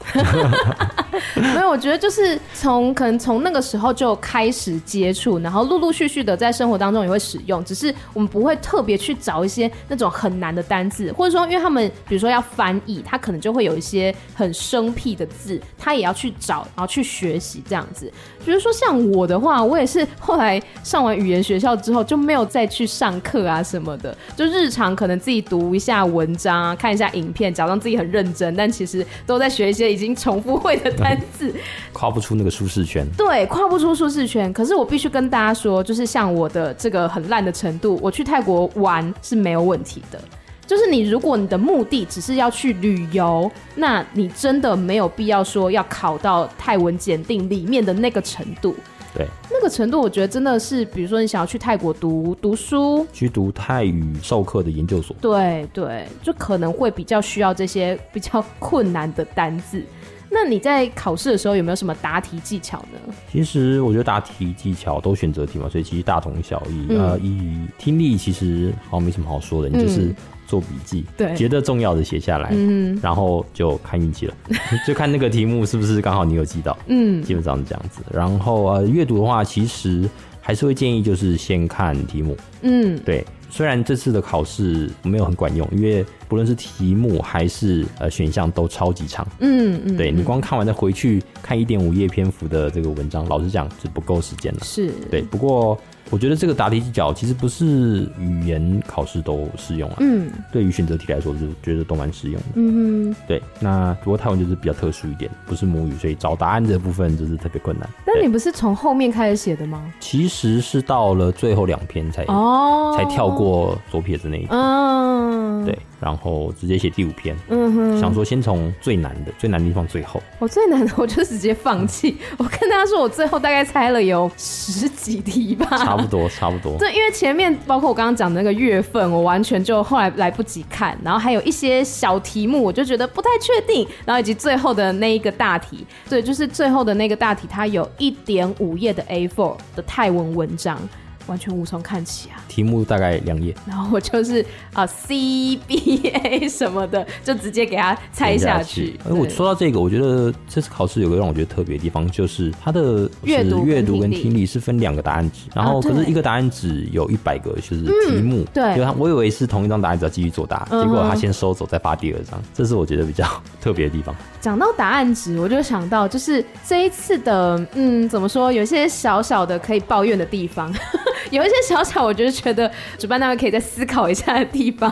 沒有。我覺得就是從可能從那個時候就開始接觸，然後陸陸續續的在生活當中也會使用，只是我們不會特別去找一些那種很難的單字，或者說因為他們比如說要翻譯，他可能就會有一些很生僻的字，他也要去找，然後去學習這樣子。比如說像我的話，我也是後來上完語言學校之後就沒有再去上課啊什麼的，就日常可能自己讀一下文章啊，看一下影片，假裝自己很認真，但其實都在。學一些已經重複會的單字， 跨不出那個舒適圈。對，跨不出舒適圈。可是我必須跟大家說，就是像我的這個很爛的程度，我去泰國玩是沒有問題的。就是你，如果你的目的只是要去旅遊，那你真的沒有必要說要考到泰文檢定裡面的那個程度。對那個程度，我覺得真的是，比如說你想要去泰國讀讀書，去讀泰語授課的研究所，對對，就可能會比較需要這些比較困難的單字。那你在考試的時候有沒有什麼答題技巧呢？其實我覺得答題技巧都選擇題嘛，所以其實大同小異。啊，嗯，呃，以聽力其實好像沒什麼好說的，你就是。嗯做筆記，對，覺得重要的寫下來，嗯哼，然後就看運氣了， 就看那個題目是不是剛好你有記到，嗯，基本上是這樣子。然後呃，閱讀的話，其實還是會建議就是先看題目，嗯，對。雖然這次的考試沒有很管用，因為不論是題目還是呃選項都超級長，嗯，嗯嗯，對，你光看完再回去看一點五頁篇幅的這個文章，老實講是不夠時間了，是，對。不過。我覺得這個答題技巧其實不是語言考試都適用啊。嗯，對於選擇題來說，是覺得都蠻適用的。嗯哼對，那不過泰文就是比較特殊一點，不是母語，所以找答案的部分就是特別困難。那你不是從後面開始寫的嗎？對其實是到了最後兩篇才哦，才跳過左撇子那一篇。嗯。對，然後直接寫第五篇。嗯哼。想說先從最難的最難的地方最後。我最難的我就直接放棄。嗯、我跟大家說我最後大概猜了有十幾題吧。差不多，差不多。對， 因為前面包括我剛剛講的那個月份，我完全就後來來不及看，然後還有一些小題目，我就覺得不太確定，然後以及最後的那一個大題，對，就是最後的那個大題，它有一點五頁的 A4 的泰文文章。完全無從看起啊！題目大概兩頁，然後我就是啊 C B A 什麼的，就直接給他猜下去。哎，對我說到這個，我覺得這次考試有個讓我覺得特別的地方，就是它的閱讀、閱讀跟聽力是分兩個答案紙，然後可是一個答案紙有一百個就是題目，啊、對，所以我以為是同一張答案紙要繼續作答，嗯、結果他先收走再發第二張，嗯、哼這是我覺得比較特別的地方。講到答案紙，我就想到就是這一次的，嗯，怎麼說？有一些小小的可以抱怨的地方，呵呵，有一些小小我就覺得主辦單位可以再思考一下的地方，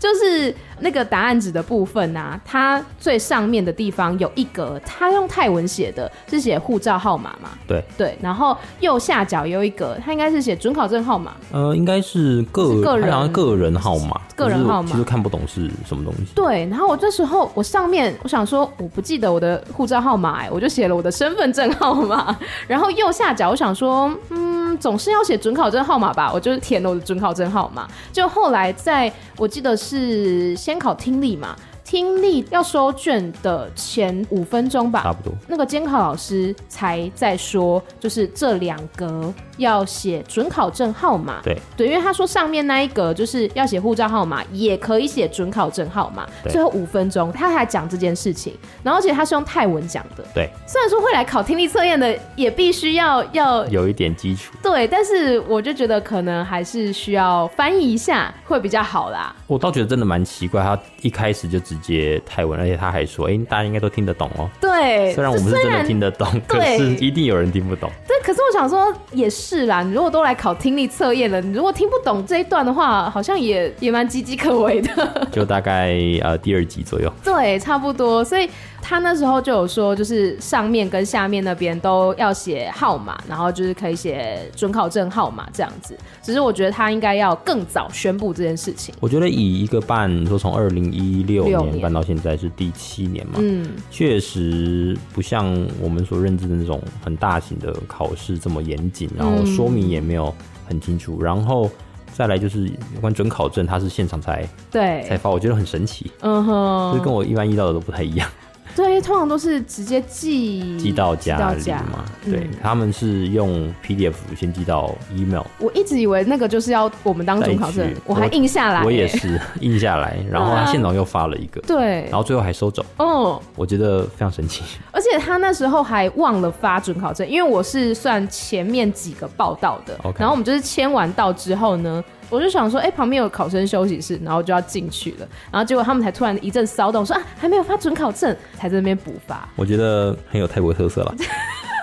就是那個答案紙的部分吶、啊，它最上面的地方有一格，它用泰文寫的，是寫護照號碼嘛？對對，然後右下角有一格，它應該是寫准考證號碼。呃，應該是個是個人個人號碼，個人號碼其實看不懂是什麼東西。對，然後我這時候我上面我想說。我不記得我的護照號碼哎，我就寫了我的身份證號碼。然後右下角，我想說，嗯，總是要寫准考證號碼吧，我就填了我的准考證號碼。就後來，在我記得是先考聽力嘛。聽力要收卷的前五分鐘吧，差不多。那個監考老師才在說，就是這兩格要寫准考證號碼。對對，因為他說上面那一格就是要寫護照號碼，也可以寫准考證號碼。對最後五分鐘他才講這件事情，然後而且他是用泰文講的。對，雖然說會來考聽力測驗的也必須要要有一點基礎。對，但是我就覺得可能還是需要翻譯一下會比較好啦。我倒覺得真的蠻奇怪，他一開始就直接。接泰文，而且他還說：“哎，大家應該都聽得懂哦。”對，雖然我們是真的聽得懂，可是一定有人聽不懂。對，可是我想說也是啦，你如果都來考聽力測驗了，你如果聽不懂這一段的話，好像也也蠻岌岌可危的。就大概呃第二集左右，對，差不多。所以。他那時候就有說，就是上面跟下面那邊都要寫號碼，然後就是可以寫准考證號碼這樣子。只是我覺得他應該要更早宣布這件事情。我覺得以一個辦說從二零一六年辦到現在是第七年嘛，嗯，確實不像我們所認知的那種很大型的考試這麼嚴謹，然後說明也沒有很清楚。嗯、然後再來就是有關准考證，他是現場才對才發，我覺得很神奇，嗯哼，就是跟我一般遇到的都不太一樣。對，通常都是直接寄寄到家裡寄到家嘛。對，嗯、他們是用 PDF 先寄到 email。我一直以為那個就是要我們當准考證，去我還印下來、欸我。我也是印下來，啊、然後他現場又發了一個，對，然後最後還收走。哦，我覺得非常神奇。而且他那時候還忘了發准考證，因為我是算前面幾個報到的。Okay. 然後我們就是簽完到之後呢。我就想說，哎、欸，旁邊有考生休息室，然後就要進去了，然後結果他們才突然一陣騷動，說啊，還沒有發准考證，才在那邊補發。我覺得很有泰國特色了，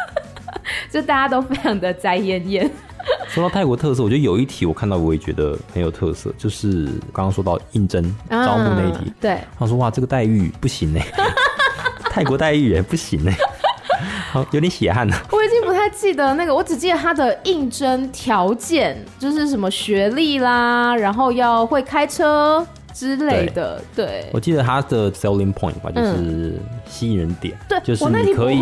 就大家都非常的在焉焉。 說到泰國特色，我覺得有一題我看到我也覺得很有特色，就是剛剛說到應徵招募那一題，啊、對，他說哇，這個待遇不行呢， 泰國待遇也不行呢， 有點血汗呢、啊。記得那個，我只記得他的應徵條件，就是什麼學歷啦，然後要會開車之類的。對，對我記得他的 selling point 吧，嗯、就是吸引人點。對，就是你可以，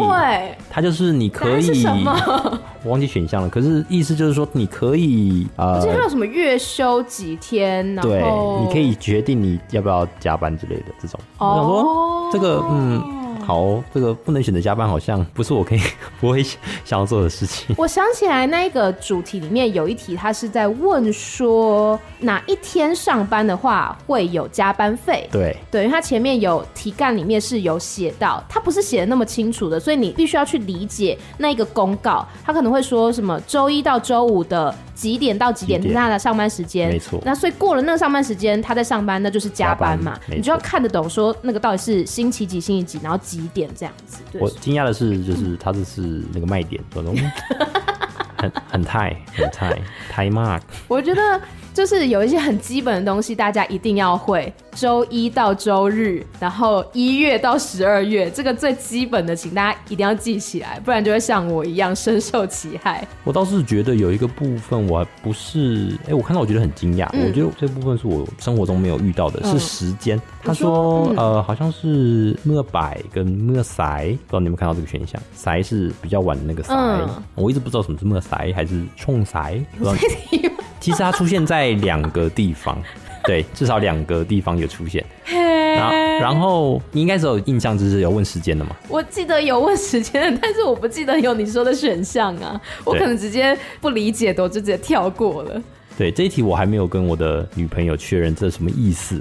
他就是你可以，什麼我忘記選項了。可是意思就是說，你可以啊，而且他有什麼月休幾天，然後對，你可以決定你要不要加班之類的這種。哦，我想說，這個嗯。好，這個不能選擇加班，好像不是我可以不會想要做的事情。我想起來那個主題裡面有一題，他是在問說哪一天上班的話會有加班費。對，對，因為他前面有題幹裡面是有寫到，他不是寫的那麼清楚的，所以你必須要去理解那個公告。他可能會說什麼周一到周五的。幾點到幾點？幾點那的上班時間，沒錯錯。那所以過了那個上班時間，他在上班，那就是加班嘛。加班你就要看得懂，說那個到底是星期幾、星期幾，然後幾點這樣子。對我驚訝的是，就是、嗯、他這是那個賣點，很很很泰、泰 mark 。我覺得。就是有一些很基本的東西，大家一定要會。週一到週日，然後一月到十二月，這個最基本的，請大家一定要記起來，不然就會像我一樣深受其害。我倒是覺得有一個部分我還不是，哎、欸，我看到我覺得很驚訝，嗯、我覺得這部分是我生活中沒有遇到的，嗯、是時間。嗯、他說，嗯、呃，好像是莫白跟莫塞，不知道你有沒有看到這個選項？塞是比較晚的那個塞，嗯、我一直不知道什麼是莫塞還是沖塞。 其實它出現在。在兩 個地方，對，至少兩個地方有出現 然。然後，你應該是有印象，就是有問時間的嗎？我記得有問時間，但是我不記得有你說的選項啊，我可能直接不理解的，我就直接跳過了。對這一題，我還沒有跟我的女朋友確認這什麼意思。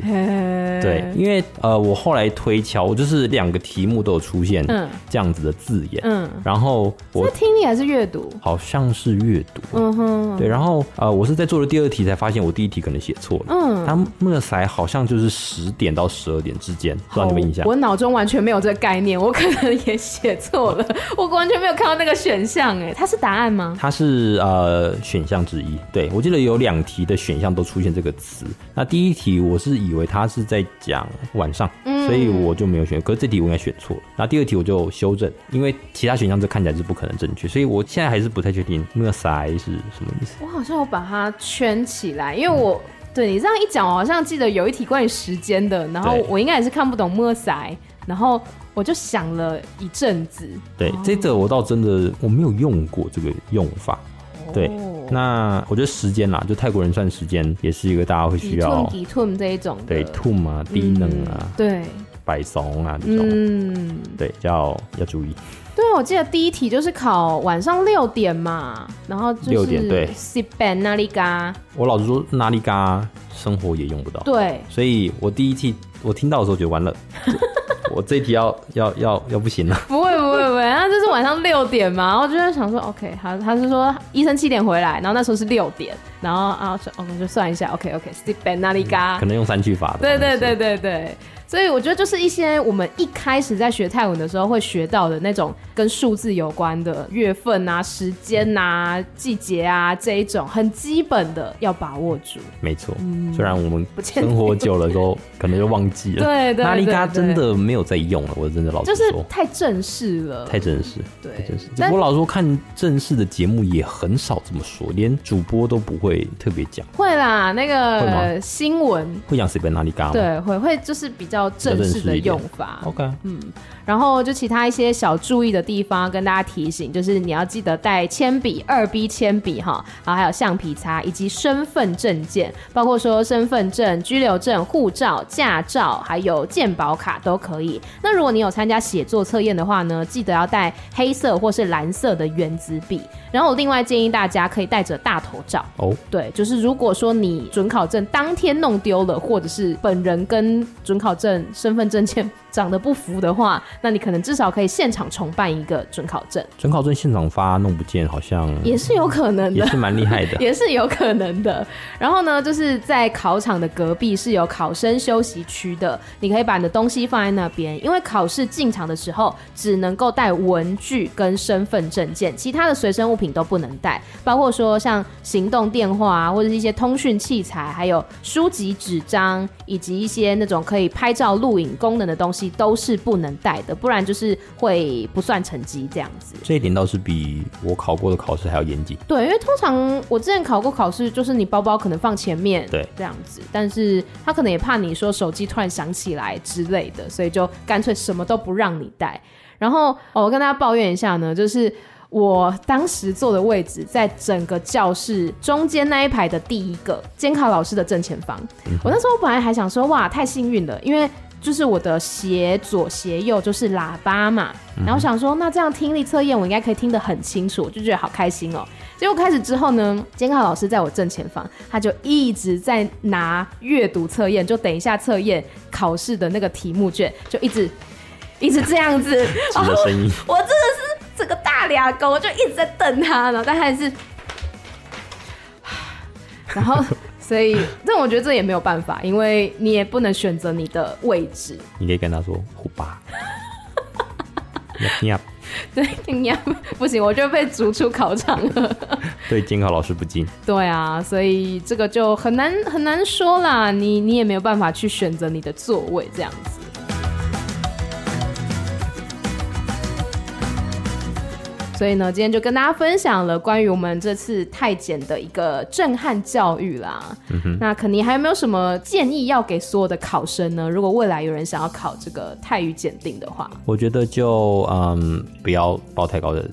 對，因為呃，我後來推敲，我就是兩個題目都有出現這樣子的字眼。嗯，然後我聽力還是閱讀，好像是閱讀。嗯哼，對，然後呃，我是在做了第二題才發現我第一題可能寫錯了。嗯，他們的個好像就是十點到十二點之間，不知道你們印象？我腦中完全沒有這個概念，我可能也寫錯了，我完全沒有看到那個選項。哎，它是答案嗎？它是呃選項之一。對，我記得有兩題的選項都出現這個詞，那第一題我是以為他是在講晚上，嗯、所以我就沒有選。可是這題我應該選錯了。那第二題我就修正，因為其他選項這看起來是不可能正確，所以我現在還是不太確定莫腮是什麼意思。我好像有把它圈起來，因為我、嗯、對你這樣一講，我好像記得有一題關於時間的，然後我應該也是看不懂莫腮，然後我就想了一陣子。對，這個我倒真的、哦、我沒有用過這個用法。對，那我覺得時間啦，就泰國人算時間，也是一個大家會需要，toom 這一種。對 toom 啊、deng 啊、嗯，對，擺松啊這種。嗯。對，要要注意。對，我記得第一題就是考晚上六點嘛，然後就是。六點對。sipban 哪裡嘎？我老師說哪裡嘎，生活也用不到。對。所以我第一題我聽到的時候覺得完了， 我，我這一題要要要要不行了。不會。對啊，這是晚上六點嘛，然後就在想說，OK，好，他是說醫生七點回來，然後那時候是六點。然後啊，我、哦、們就算一下，OK OK，s、OK, t stephen、嗯、哪裡嘎？可能用三句法的。對對對對對，所以我覺得就是一些我們一開始在學泰文的時候會學到的那種跟數字有關的月份啊、時間啊、嗯、季節啊這一種很基本的要把握住。沒錯，雖然我們生活久了之後可能就忘記了。 對對，對，對，對，對哪裡嘎真的沒有在用了，我真的老說。就是太正式了。太正式，嗯、對，太正式。我老說看正式的節目也很少這麼說，連主播都不會。會特別講，會啦，那個新聞會講誰在哪裡幹。對，會會就是比較正式的用法。OK，嗯。然後就其他一些小注意的地方跟大家提醒，就是你要記得帶鉛筆、二 B 鉛筆哈，然後還有橡皮擦，以及身份證件，包括說身份證、居留證、護照、駕照，還有健保卡都可以。那如果你有參加寫作測驗的話呢，記得要帶黑色或是藍色的原子筆。然後我另外建議大家可以帶着大頭照哦，oh. 對，就是如果說你准考證當天弄丟了，或者是本人跟准考證身份證件。長得不符的話，那你可能至少可以現場重辦一個准考證。准考證現場發弄不見，好像也是有可能的，也是蠻厲害的，也是有可能的。然後呢，就是在考場的隔壁是有考生休息區的，你可以把你的東西放在那邊。因為考試進場的時候只能夠帶文具跟身份證件，其他的隨身物品都不能帶，包括說像行動電話啊，或者是一些通訊器材，還有書籍、紙張，以及一些那種可以拍照、錄影功能的東西，都是不能帶的，不然就是會不算成績這樣子。這一點倒是比我考過的考試還要嚴謹。對，因為通常我之前考過考試，就是你包包可能放前面，對，這樣子。對但是他可能也怕你說手機突然響起來之類的，所以就乾脆什麼都不讓你帶。然後我跟大家抱怨一下呢，就是我當時坐的位置，在整個教室中間那一排的第一個監考老師的正前方。嗯、哼我那時候本來還想說，哇，太幸運了，因為。就是我的斜左斜右就是喇叭嘛，嗯、然後想說那這樣聽力測驗我應該可以聽得很清楚，我就覺得好開心哦。結果開始之後呢，監考老師在我正前方，他就一直在拿閱讀測驗，就等一下測驗考試的那個題目卷，就一直一直這樣子。什麼聲 音？我真的是整個大倆狗，我就一直在瞪他，然後但還是，然後。 所以，但我覺得這也沒有辦法，因為你也不能選擇你的位置。你可以跟他說“胡巴”，你鴨對丁鴨不行，我就被逐出考場了。 對監考老師不敬。對啊，所以這個就很難很難說啦。你你也沒有辦法去選擇你的座位，這樣子。所以呢，今天就跟大家分享了關於我們這次泰檢的一個震撼教育啦。嗯、哼那肯尼還有沒有什麼建議要給所有的考生呢？如果未來有人想要考這個泰語檢定的話，我覺得就嗯，不要抱太高的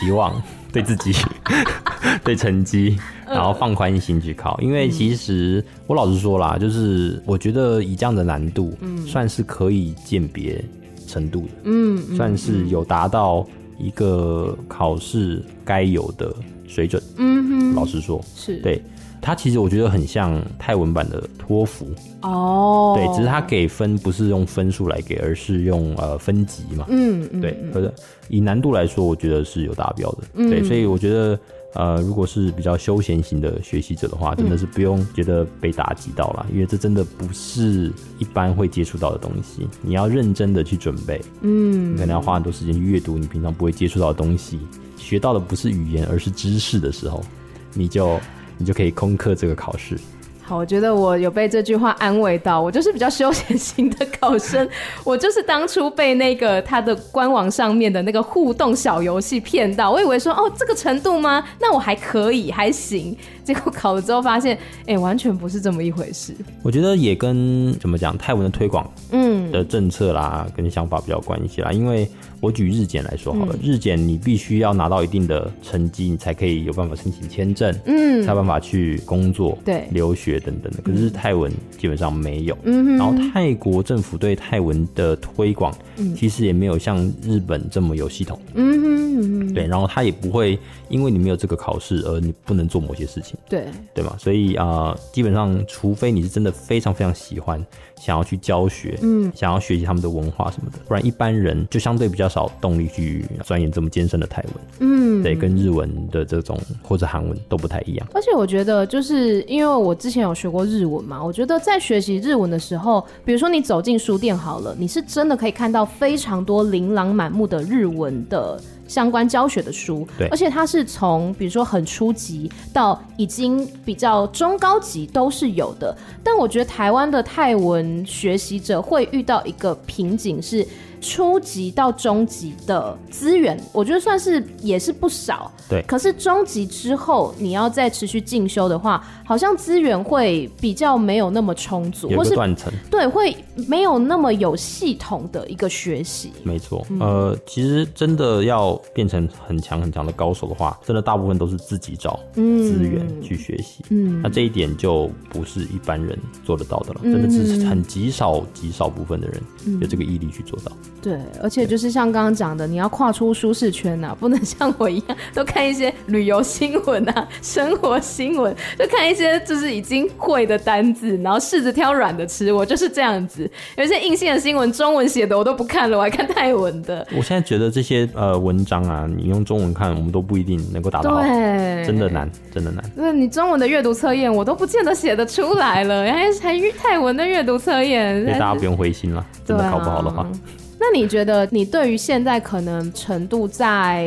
希望， 對自己， 對成績，然後放寬心去考。因為其實、嗯、我老實說啦，就是我覺得以這樣的難度，嗯，算是可以鑑別程度的，嗯，嗯，嗯，算是有達到。一個考試該有的水準，嗯哼，老實說，是，對，它其實我覺得很像泰文版的托福，哦，對，只是它給分不是用分數來給，而是用呃分級嘛，嗯，嗯嗯，對，可是以難度來說，我覺得是有達標的，嗯嗯對，所以我覺得。呃，如果是比較休閒型的學習者的話，真的是不用覺得被打擊到啦，嗯、因為這真的不是一般會接觸到的東西。你要認真的去準備，嗯，你可能要花很多時間去閱讀你平常不會接觸到的東西，學到的不是語言，而是知識的時候，你就你就可以空課這個考試。我覺得我有被這句話安慰到，我就是比較休閒型的考生。 我就是當初被那個他的官網上面的那個互動小遊戲騙到，我以為說哦這個程度嗎？那我還可以還行，結果考了之後發現，哎、欸，完全不是這麼一回事。我覺得也跟怎麼講泰文的推廣，嗯，的政策啦，嗯、跟想法比較關係啦，因為。我舉日檢來說好了，嗯、日檢你必須要拿到一定的成績，你才可以有辦法申請簽證，嗯，才有辦法去工作，對，留學等等的。可是泰文基本上沒有，嗯，然後泰國政府對泰文的推廣，嗯、其實也沒有像日本這麼有系統，嗯，對，然後他也不會因為你沒有這個考試而你不能做某些事情，對，對嘛。所以啊、呃，基本上除非你是真的非常非常喜歡，想要去教學，嗯，想要學習他們的文化什麼的，不然一般人就相對比較少動力去鑽研這麼艱深的泰文，嗯，對，跟日文的這種或者韓文都不太一樣。而且我覺得，就是因為我之前有學過日文嘛，我覺得在學習日文的時候，比如說你走進書店好了，你是真的可以看到非常多琳琅滿目的日文的。相關教學的書，對。而且它是從比如說很初級到已經比較中高級都是有的。但我覺得台灣的泰文學習者會遇到一個瓶頸，是初級到中級的資源，我覺得算是也是不少。對，可是中級之後你要再持續進修的話，好像資源會比較沒有那麼充足，有一個斷層。或是。對，會沒有那麼有系統的一個學習。沒錯，嗯、呃，其實真的要。變成很強很強的高手的話，真的大部分都是自己找資源去學習，嗯。嗯，那這一點就不是一般人做得到的了，真的只是很極少極少部分的人有這個毅力去做到。嗯、對，而且就是像剛剛講的，對你要跨出舒適圈啊，不能像我一樣都看一些旅遊新聞啊、生活新聞，就看一些就是已經會的單字，然後試着挑軟的吃。我就是這樣子，有一些硬性的新聞，中文寫的我都不看了，我還看泰文的。我現在覺得這些呃文。張啊！你用中文看，我們都不一定能夠答得好，對真的難，真的難。那你中文的閱讀測驗，我都不見得寫得出來了， 還是還泰文的閱讀測驗。所以大家不用灰心了，真的考不好的話。 那你覺得你對於現在可能程度在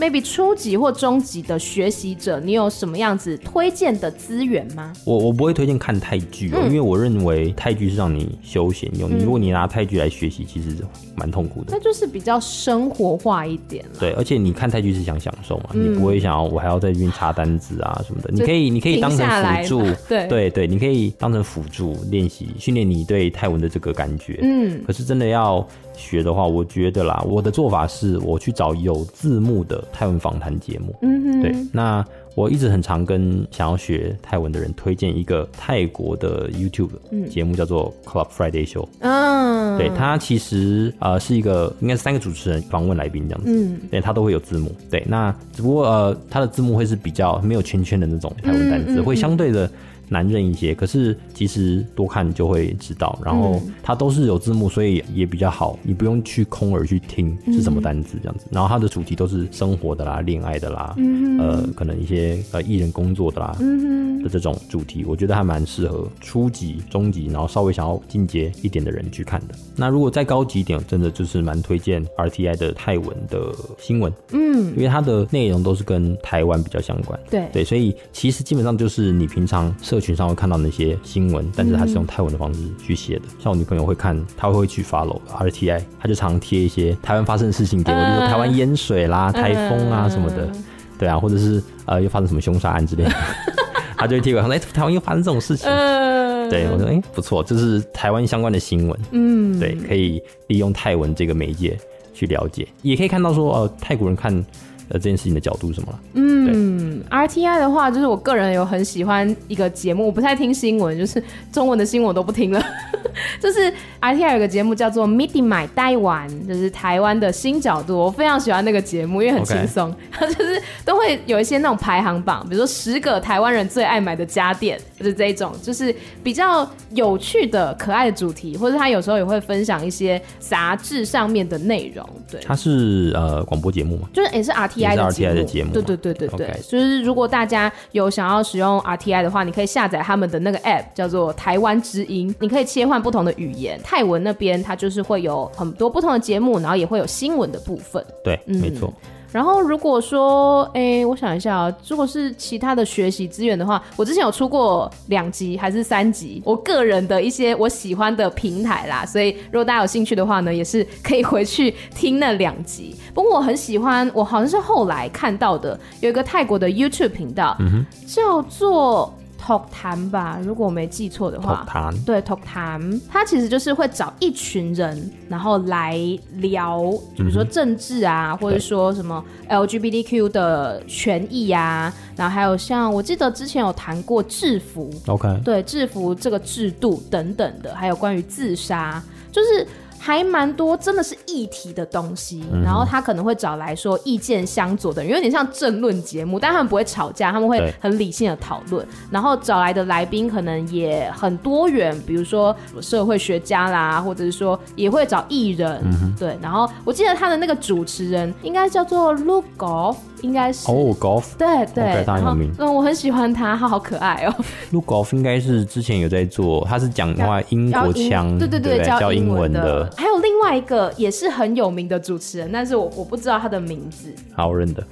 maybe 初級或中級的學習者，你有什麼樣子推薦的資源嗎？我我不會推薦看泰劇哦、喔，嗯、因為我認為泰劇是讓你休閒用、喔。嗯、你如果你拿泰劇來學習，其實蠻痛苦的、嗯。那就是比較生活化一點了。對，而且你看泰劇是想享受嘛，嗯、你不會想要我還要在那邊查單字啊什麼的。就你可以你可以當成輔助，對對對，你可以當成輔助練習訓練你對泰文的這個感覺。嗯，可是真的要。學的話，我覺得啦，我的做法是我去找有字幕的泰文訪談節目。嗯哼，對，那我一直很常跟想要學泰文的人推薦一個泰國的 YouTube 節目，叫做 Club Friday Show。嗯，對，它其實呃是一個，應該是三個主持人訪問來賓這樣子，嗯，對，它都會有字幕。對，那只不過呃，它的字幕會是比較沒有圈圈的那種泰文單字，嗯嗯嗯嗯會相對的。難認一些，可是其實多看就會知道。然後它都是有字幕，所以也比較好，你不用去空耳去聽是什麼單字，嗯、哼這樣子。然後它的主題都是生活的啦、戀愛的啦，嗯、哼呃，可能一些呃藝人工作的啦、嗯、哼的這種主題，我覺得還蠻適合初級、中級，然後稍微想要進階一點的人去看的。那如果再高級一點，真的就是蠻推薦 RTI 的泰文的新聞，嗯，因為它的內容都是跟台灣比較相關，對對，所以其實基本上就是你平常。社群上會看到那些新聞，但是他是用泰文的方式去寫的。嗯、像我女朋友會看，她會去 follow RTI，她就常貼一些台灣發生的事情給我，比如、呃、說台灣淹水啦、呃、台風啊什麼的，對啊，或者是呃又發生什麼凶殺案之類的， 她就會貼給我，哎、欸，台灣又發生這種事情，呃、對我說哎、欸、不錯，這、就是台灣相關的新聞，嗯，對，可以利用泰文這個媒介去了解，也可以看到說哦、呃，泰國人看。呃，這件事情的角度是什麼了？嗯對，RTI 的話，就是我個人有很喜歡一個節目，我不太聽新聞，就是中文的新聞我都不聽了。呵呵就是 RTI 有個節目叫做《Meet My Taiwan》就是台灣的新角度，我非常喜歡那個節目，因為很輕鬆。然後 Okay. 就是都會有一些那種排行榜，比如說十個台灣人最愛買的家電，就是這一種，就是比較有趣的、可愛的主題，或者他有時候也會分享一些雜誌上面的內容。對，他是呃廣播節目嗎？就是也、欸、是 RTI。R T I 的節目，對對對對對，Okay 就是如果大家有想要使用 R T I 的話，你可以下載他們的那個 app，叫做台灣之音，你可以切換不同的語言。泰文那邊它就是會有很多不同的節目，然後也會有新聞的部分。對，嗯、沒錯。然後，如果說，哎，我想一下啊，如果是其他的學習資源的話，我之前有出過兩集還是三集，我個人的一些我喜歡的平台啦，所以如果大家有興趣的話呢，也是可以回去聽那兩集。不過我很喜歡，我好像是後來看到的，有一個泰國的 YouTube 頻道，嗯哼。叫做。脫談吧，如果我沒記錯的話，Talk time 對，脫談，他其實就是會找一群人，然後來聊，比如說政治啊，嗯、哼或者說什麼 LGBTQ 的權益啊，對然後還有像我記得之前有談過制服，OK，對，制服這個制度等等的，還有關於自殺，就是。還蠻多，真的是議題的東西。嗯、哼然後他可能會找來說意見相左的人，有點像政論節目，但他們不會吵架，他們會很理性的討論。對然後找來的來賓可能也很多元，比如說社會學家啦，或者是說也會找藝人。嗯、哼對，然後我記得他的那個主持人應該叫做 Lugo。應該是哦，Golf 對對，他很有名。嗯，我很喜歡他，他好可愛哦。Loukgolf 應該是之前有在做，他是講話英國腔，對對對，教英文的。還有另外一個也是很有名的主持人，但是我我不知道他的名字。好我認得，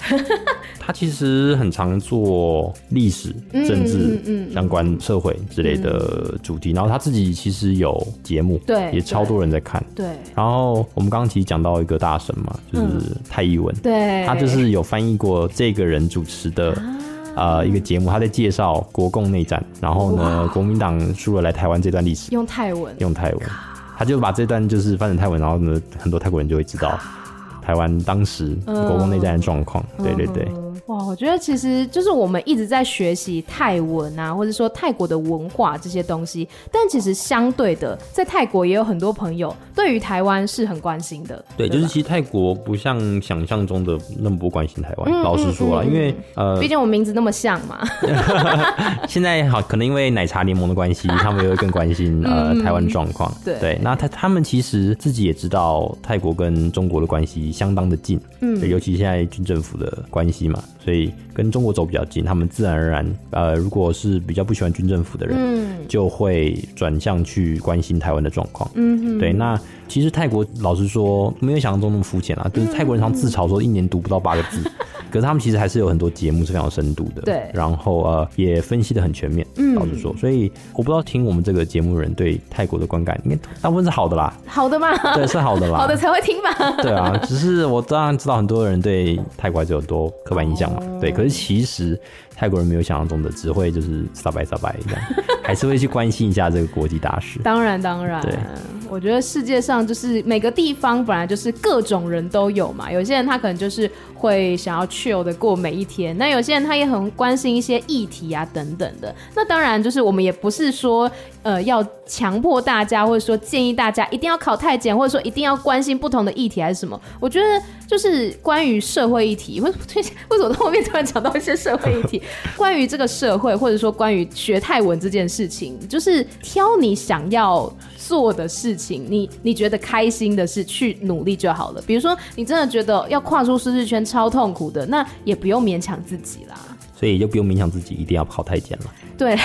他其實很常做歷史、政治、相關社會之類的主題，然後他自己其實有節目，對，也超多人在看，對。然後我們剛剛其實講到一個大神嘛，就是泰藝文，對，他就是有翻譯。經過這個人主持的啊、呃，一個節目，他在介紹國共內戰，然後呢，哇國民黨輸了來台灣這段歷史，用泰文，用泰文，他就把這段就是翻成泰文，然後呢，很多泰國人就會知道台灣當時國共內戰的狀況。嗯、對對對。嗯嗯哇，我覺得其實就是我們一直在學習泰文啊，或者說泰國的文化這些東西。但其實相對的，在泰國也有很多朋友對於台灣是很關心的。對，就是其實泰國不像想象中的那麼不關心台灣。老實說啊，因為呃，畢竟我名字那麼像嘛。現在好，可能因為奶茶聯盟的關係，他們也會更關心呃台灣狀況。對，那他他們其實自己也知道，泰國跟中國的關係相當的近。嗯，尤其現在軍政府的關係嘛。所以跟中國走比較近，他們自然而然，呃，如果是比較不喜歡軍政府的人，嗯，就會轉向去關心台灣的狀況。嗯哼，對。那其實泰國老實說，沒有想象中那麼膚淺啊，就是泰國人常自嘲說一年讀不到八個字。嗯哼 可是他們其實還是有很多節目是非常有深度的，對，然後呃，也分析得很全面，嗯，老實說，所以我不知道聽我們這個節目的人對泰國的觀感，應該大部分是好的啦，好的嘛，對，是好的啦，好的才會聽嘛，對啊，只是我當然知道很多人對泰國還是有很多刻板印象嘛，哦、對，可是其實。泰國人沒有想象中的，只會就是傻白傻白一樣， 還是會去關心一下這個國際大事。當然，當然，當然對，我覺得世界上就是每個地方本來就是各種人都有嘛。有些人他可能就是會想要 chill 的過每一天，那有些人他也很關心一些議題啊等等的。那當然，就是我們也不是說。呃，要強迫大家，或者說建議大家一定要考泰檢，或者說一定要關心不同的議題，還是什麼？我覺得就是關於社會議題，為什麼為什麼後面突然講到一些社會議題？ 關於這個社會，或者說關於學泰文這件事情，就是挑你想要做的事情，你你覺得開心的事去努力就好了。比如說，你真的覺得要跨出舒適圈超痛苦的，那也不用勉強自己啦。所以就不用勉強自己一定要考對 考太監了。對，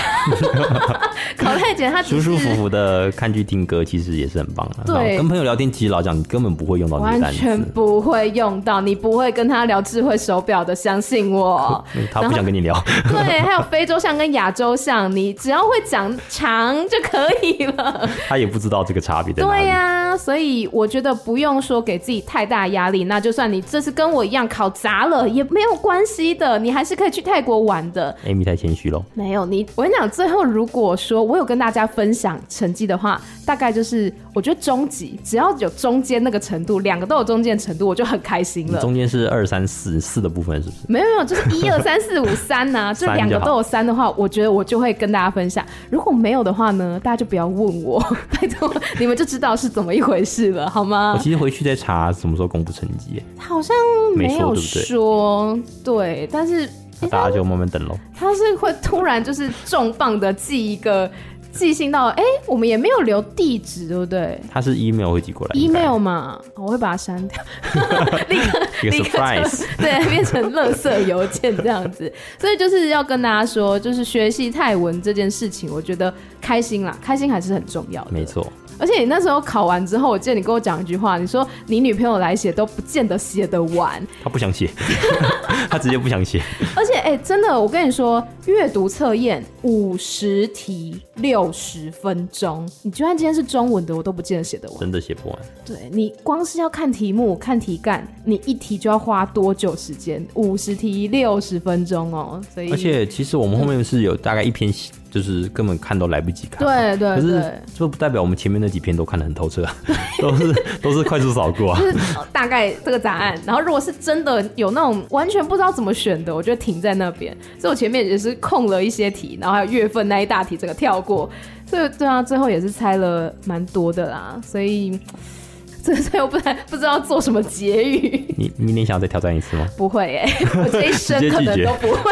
考太監他舒舒服服的看劇聽歌，其實也是很棒的、啊。對，跟朋友聊天，其實老講你根本不會用到這些單字，完全不會用到，你不會跟他聊智慧手錶的，相信我。他不想跟你聊。對、欸，還有非洲象跟亞洲象，你只要會講長、長就可以了。 他也不知道這個差別。對呀、啊，所以我覺得不用說給自己太大壓力。那就算你這次跟我一樣考砸了，也沒有關係的，你還是可以去泰國。多玩的，Amy 太謙虛了。沒有你，我跟你講，最後如果說我有跟大家分享成績的話，大概就是我覺得中級只要有中間那個程度，兩個都有中間程度，我就很開心了。中間是二三四四的部分是不是？沒有沒有，就是一二三四五三吶， 就兩個都有三的話，我覺得我就會跟大家分享。如果沒有的話呢，大家就不要問我， 拜托你們就知道是怎麼一回事了，好嗎？我其實回去再查什麼時候公布成績，好像沒有說，沒說，對，對，但是。大家就慢慢等嘍、欸。他是會突然就是重磅的寄一個寄信到，哎、欸，我們也沒有留地址，對不對？他是 email 會寄過來，email 嘛，看我會把它刪掉，立刻立刻對，變成垃圾郵件這樣子。所以就是要跟大家說，就是學習泰文這件事情，我覺得開心啦，開心還是很重要的，沒錯。而且你那時候考完之後，我記得你跟我講一句話，你說你女朋友來寫都不見得寫得完，他不想寫， 他直接不想寫。 而且哎、欸，真的，我跟你說，閱讀測驗五十題。六十分鐘，你就算今天是中文的，我都不見得寫得完，真的寫不完。對，你光是要看題目、看題幹，你一題就要花多久時間？五十題六十分鐘哦、喔，所以而且其實我們後面是有大概一篇，就是根本看都來不及看。對，對對對，可是就不代表我們前面那幾篇都看得很透徹，對都是都是快速掃過啊。 大概這個答案，然後如果是真的有那種完全不知道怎麼選的，我就停在那邊。所以我前面也是空了一些題，然後還有月份那一大題，這個跳過過，所以，對啊，最後也是猜了蠻多的啦，所以，這這我不太不知道做什麼結語。你你你想要再挑戰一次嗎？不會哎、欸，我這一生可能都不會，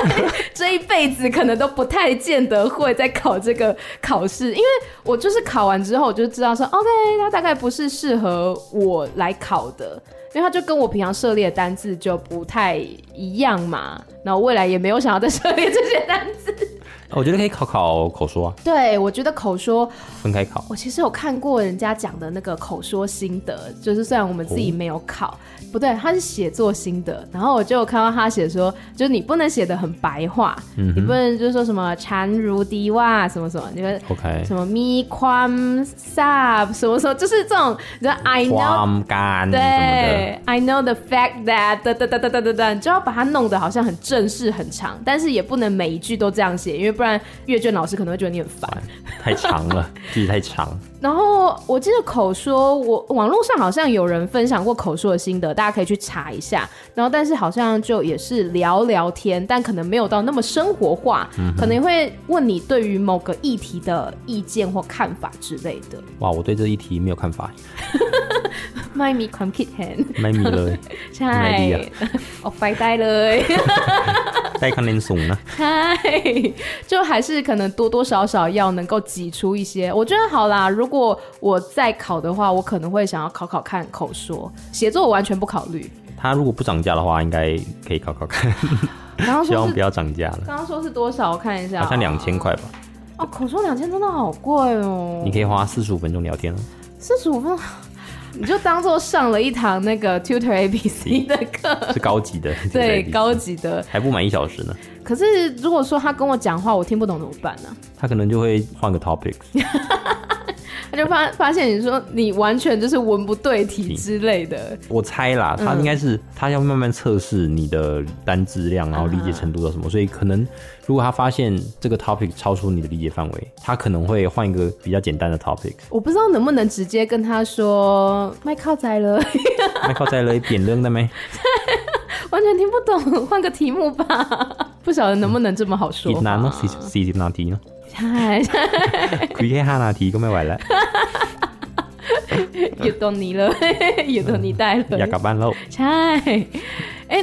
這一輩子可能都不太見得會再考這個考試，因為我就是考完之後我就知道說，OK，它大概不是適合我來考的，因為它就跟我平常涉獵的單字就不太一樣嘛，然後我未來也沒有想要再涉獵這些單字。我覺得可以考考口說啊，對我覺得口說分開考。我其實有看過人家講的那個口說心得，就是雖然我們自己沒有考，哦、不對，他是寫作心得。然後我就有看到他寫說，就是你不能寫的很白話，嗯、哼你不能就是說什麼纏如滴瓦，什麼什麼，你、就、們、是、OK 什麼咪寬薩什麼什麼，就是這種 the、就是、I know 汪干 對，I know the fact that 噠噠噠噠噠就要把它弄得好像很正式很長，但是也不能每一句都這樣寫，因為。不然，閱卷老師可能會覺得你很煩。太長了，字 太長。然後我記得口說，我網絡上好像有人分享過口說的心得，大家可以去查一下。然後，但是好像就也是聊聊天，但可能沒有到那麼生活化，嗯、哼可能會問你對於某個議題的意見或看法之類的。哇，我對這議題沒有看法。 ไม่มีความคิดเห็นไม่ม ีเลยใช่ออกไปได้เลยไ就還是可能多多少少要能夠擠出一些，我覺得。好啦，如果我再考的話，我可能會想要考考看口說寫作，我完全不考慮他。如果不漲價的話，應該可以考考看 剛剛，希望不要漲價了。剛剛說是多少？我看一下，好像兩千塊吧、啊、哦，口說兩千真的好貴哦，你可以花四十五分鐘聊天了，四十五分 你就當做上了一堂那個 Tutor ABC 的課，是高級的， 對，高級的 還不滿一小時呢。可是如果說他跟我講話我聽不懂怎麼辦呢？他可能就會換個 topics。 他就發發現你說你完全就是文不對題之類的，我猜啦，他應該是、嗯、他要慢慢測試你的單字量，然後理解程度到什麼，嗯、所以可能如果他發現這個 topic 超出你的理解範圍，他可能會換一個比較簡單的 topic。我不知道能不能直接跟他說賣靠仔了，賣 靠仔了，一點扔得沒？ 完全聽不懂，換個題目吧。不曉得能不能這麼好說？難呢，還是難題呢？嗨，ช ่ใ ช 你่ค ุยแค่ห้านาทีก็ไม嗨，ไหวแล้ว。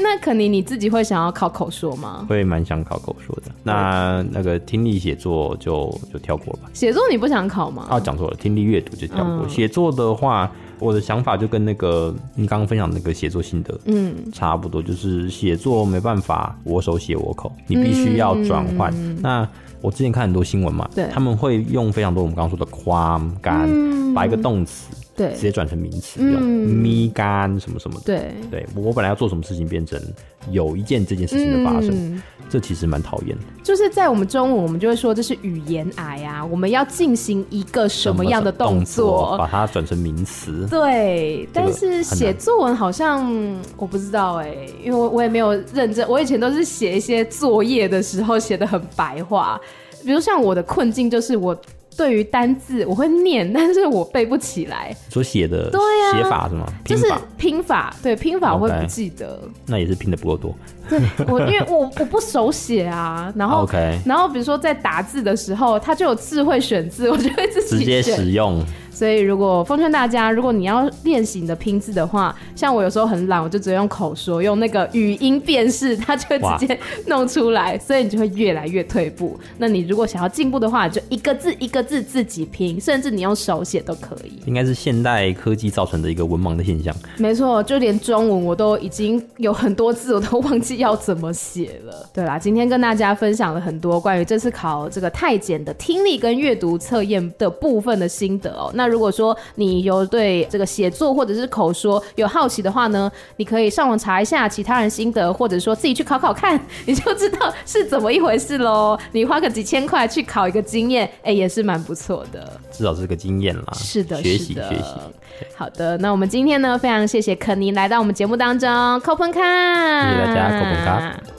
那肯泰尼，你自己會想要考口說嗎？會蠻想考口說的。那那個聽力寫作就就跳過了吧。寫作你不想考嗎？啊，講錯了，聽力閱讀就跳過。寫、嗯、作的話，我的想法就跟那個你剛剛分享那個寫作心得嗯差不多，嗯、就是寫作沒辦法我手寫我口，你必須要轉換、嗯、那。我之前看很多新聞嘛，對他們會用非常多我們剛剛說的誇干，嗯、把一個動詞。對，直接轉成名詞，嗯、咪幹什麼什麼的。對，對我本來要做什麼事情，變成有一件這件事情的發生，嗯、這其實蠻討厭的。就是在我們中文，我們就會說這是語言癌啊，我們要進行一個什麼樣的動作，動作把它轉成名詞。對，但是寫作文好像我不知道哎、欸，因為我我也沒有認真，我以前都是寫一些作業的時候寫得很白話，比如像我的困境就是我。對於單字，我會念，但是我背不起來。所寫的、啊、寫法是嗎？就是拼法，對，拼法我會不記得。Okay. 那也是拼得不夠多。 對，我因為我我不手寫啊，然後 Okay. 然後比如說在打字的時候，它就有智慧選字，我就會自己直接使用。所以，如果奉勸大家，如果你要練習你的拼字的話，像我有時候很懶，我就直接用口說，用那個語音辨識，它就會直接弄出來，哇所以你就會越來越退步。那你如果想要進步的話，你就一個字一個字自己拼，甚至你用手寫都可以。應該是現代科技造成的一個文盲的現象。沒錯，就連中文我都已經有很多字我都忘記要怎麼寫了。對啦，今天跟大家分享了很多關於這次考這個泰檢的聽力跟閱讀測驗的部分的心得哦、喔。那那如果說你有對這個寫作或者是口說有好奇的話呢，你可以上網查一下其他人心得，或者說自己去考考看，你就知道是怎麼一回事嘍。你花個幾千塊去考一個經驗，哎、欸，也是蠻不錯的，至少是個經驗啦，是的。是的，學習學習。好的，那我們今天呢，非常謝謝肯尼來到我們節目當中，COPEN 卡，謝謝大家，COPEN 卡。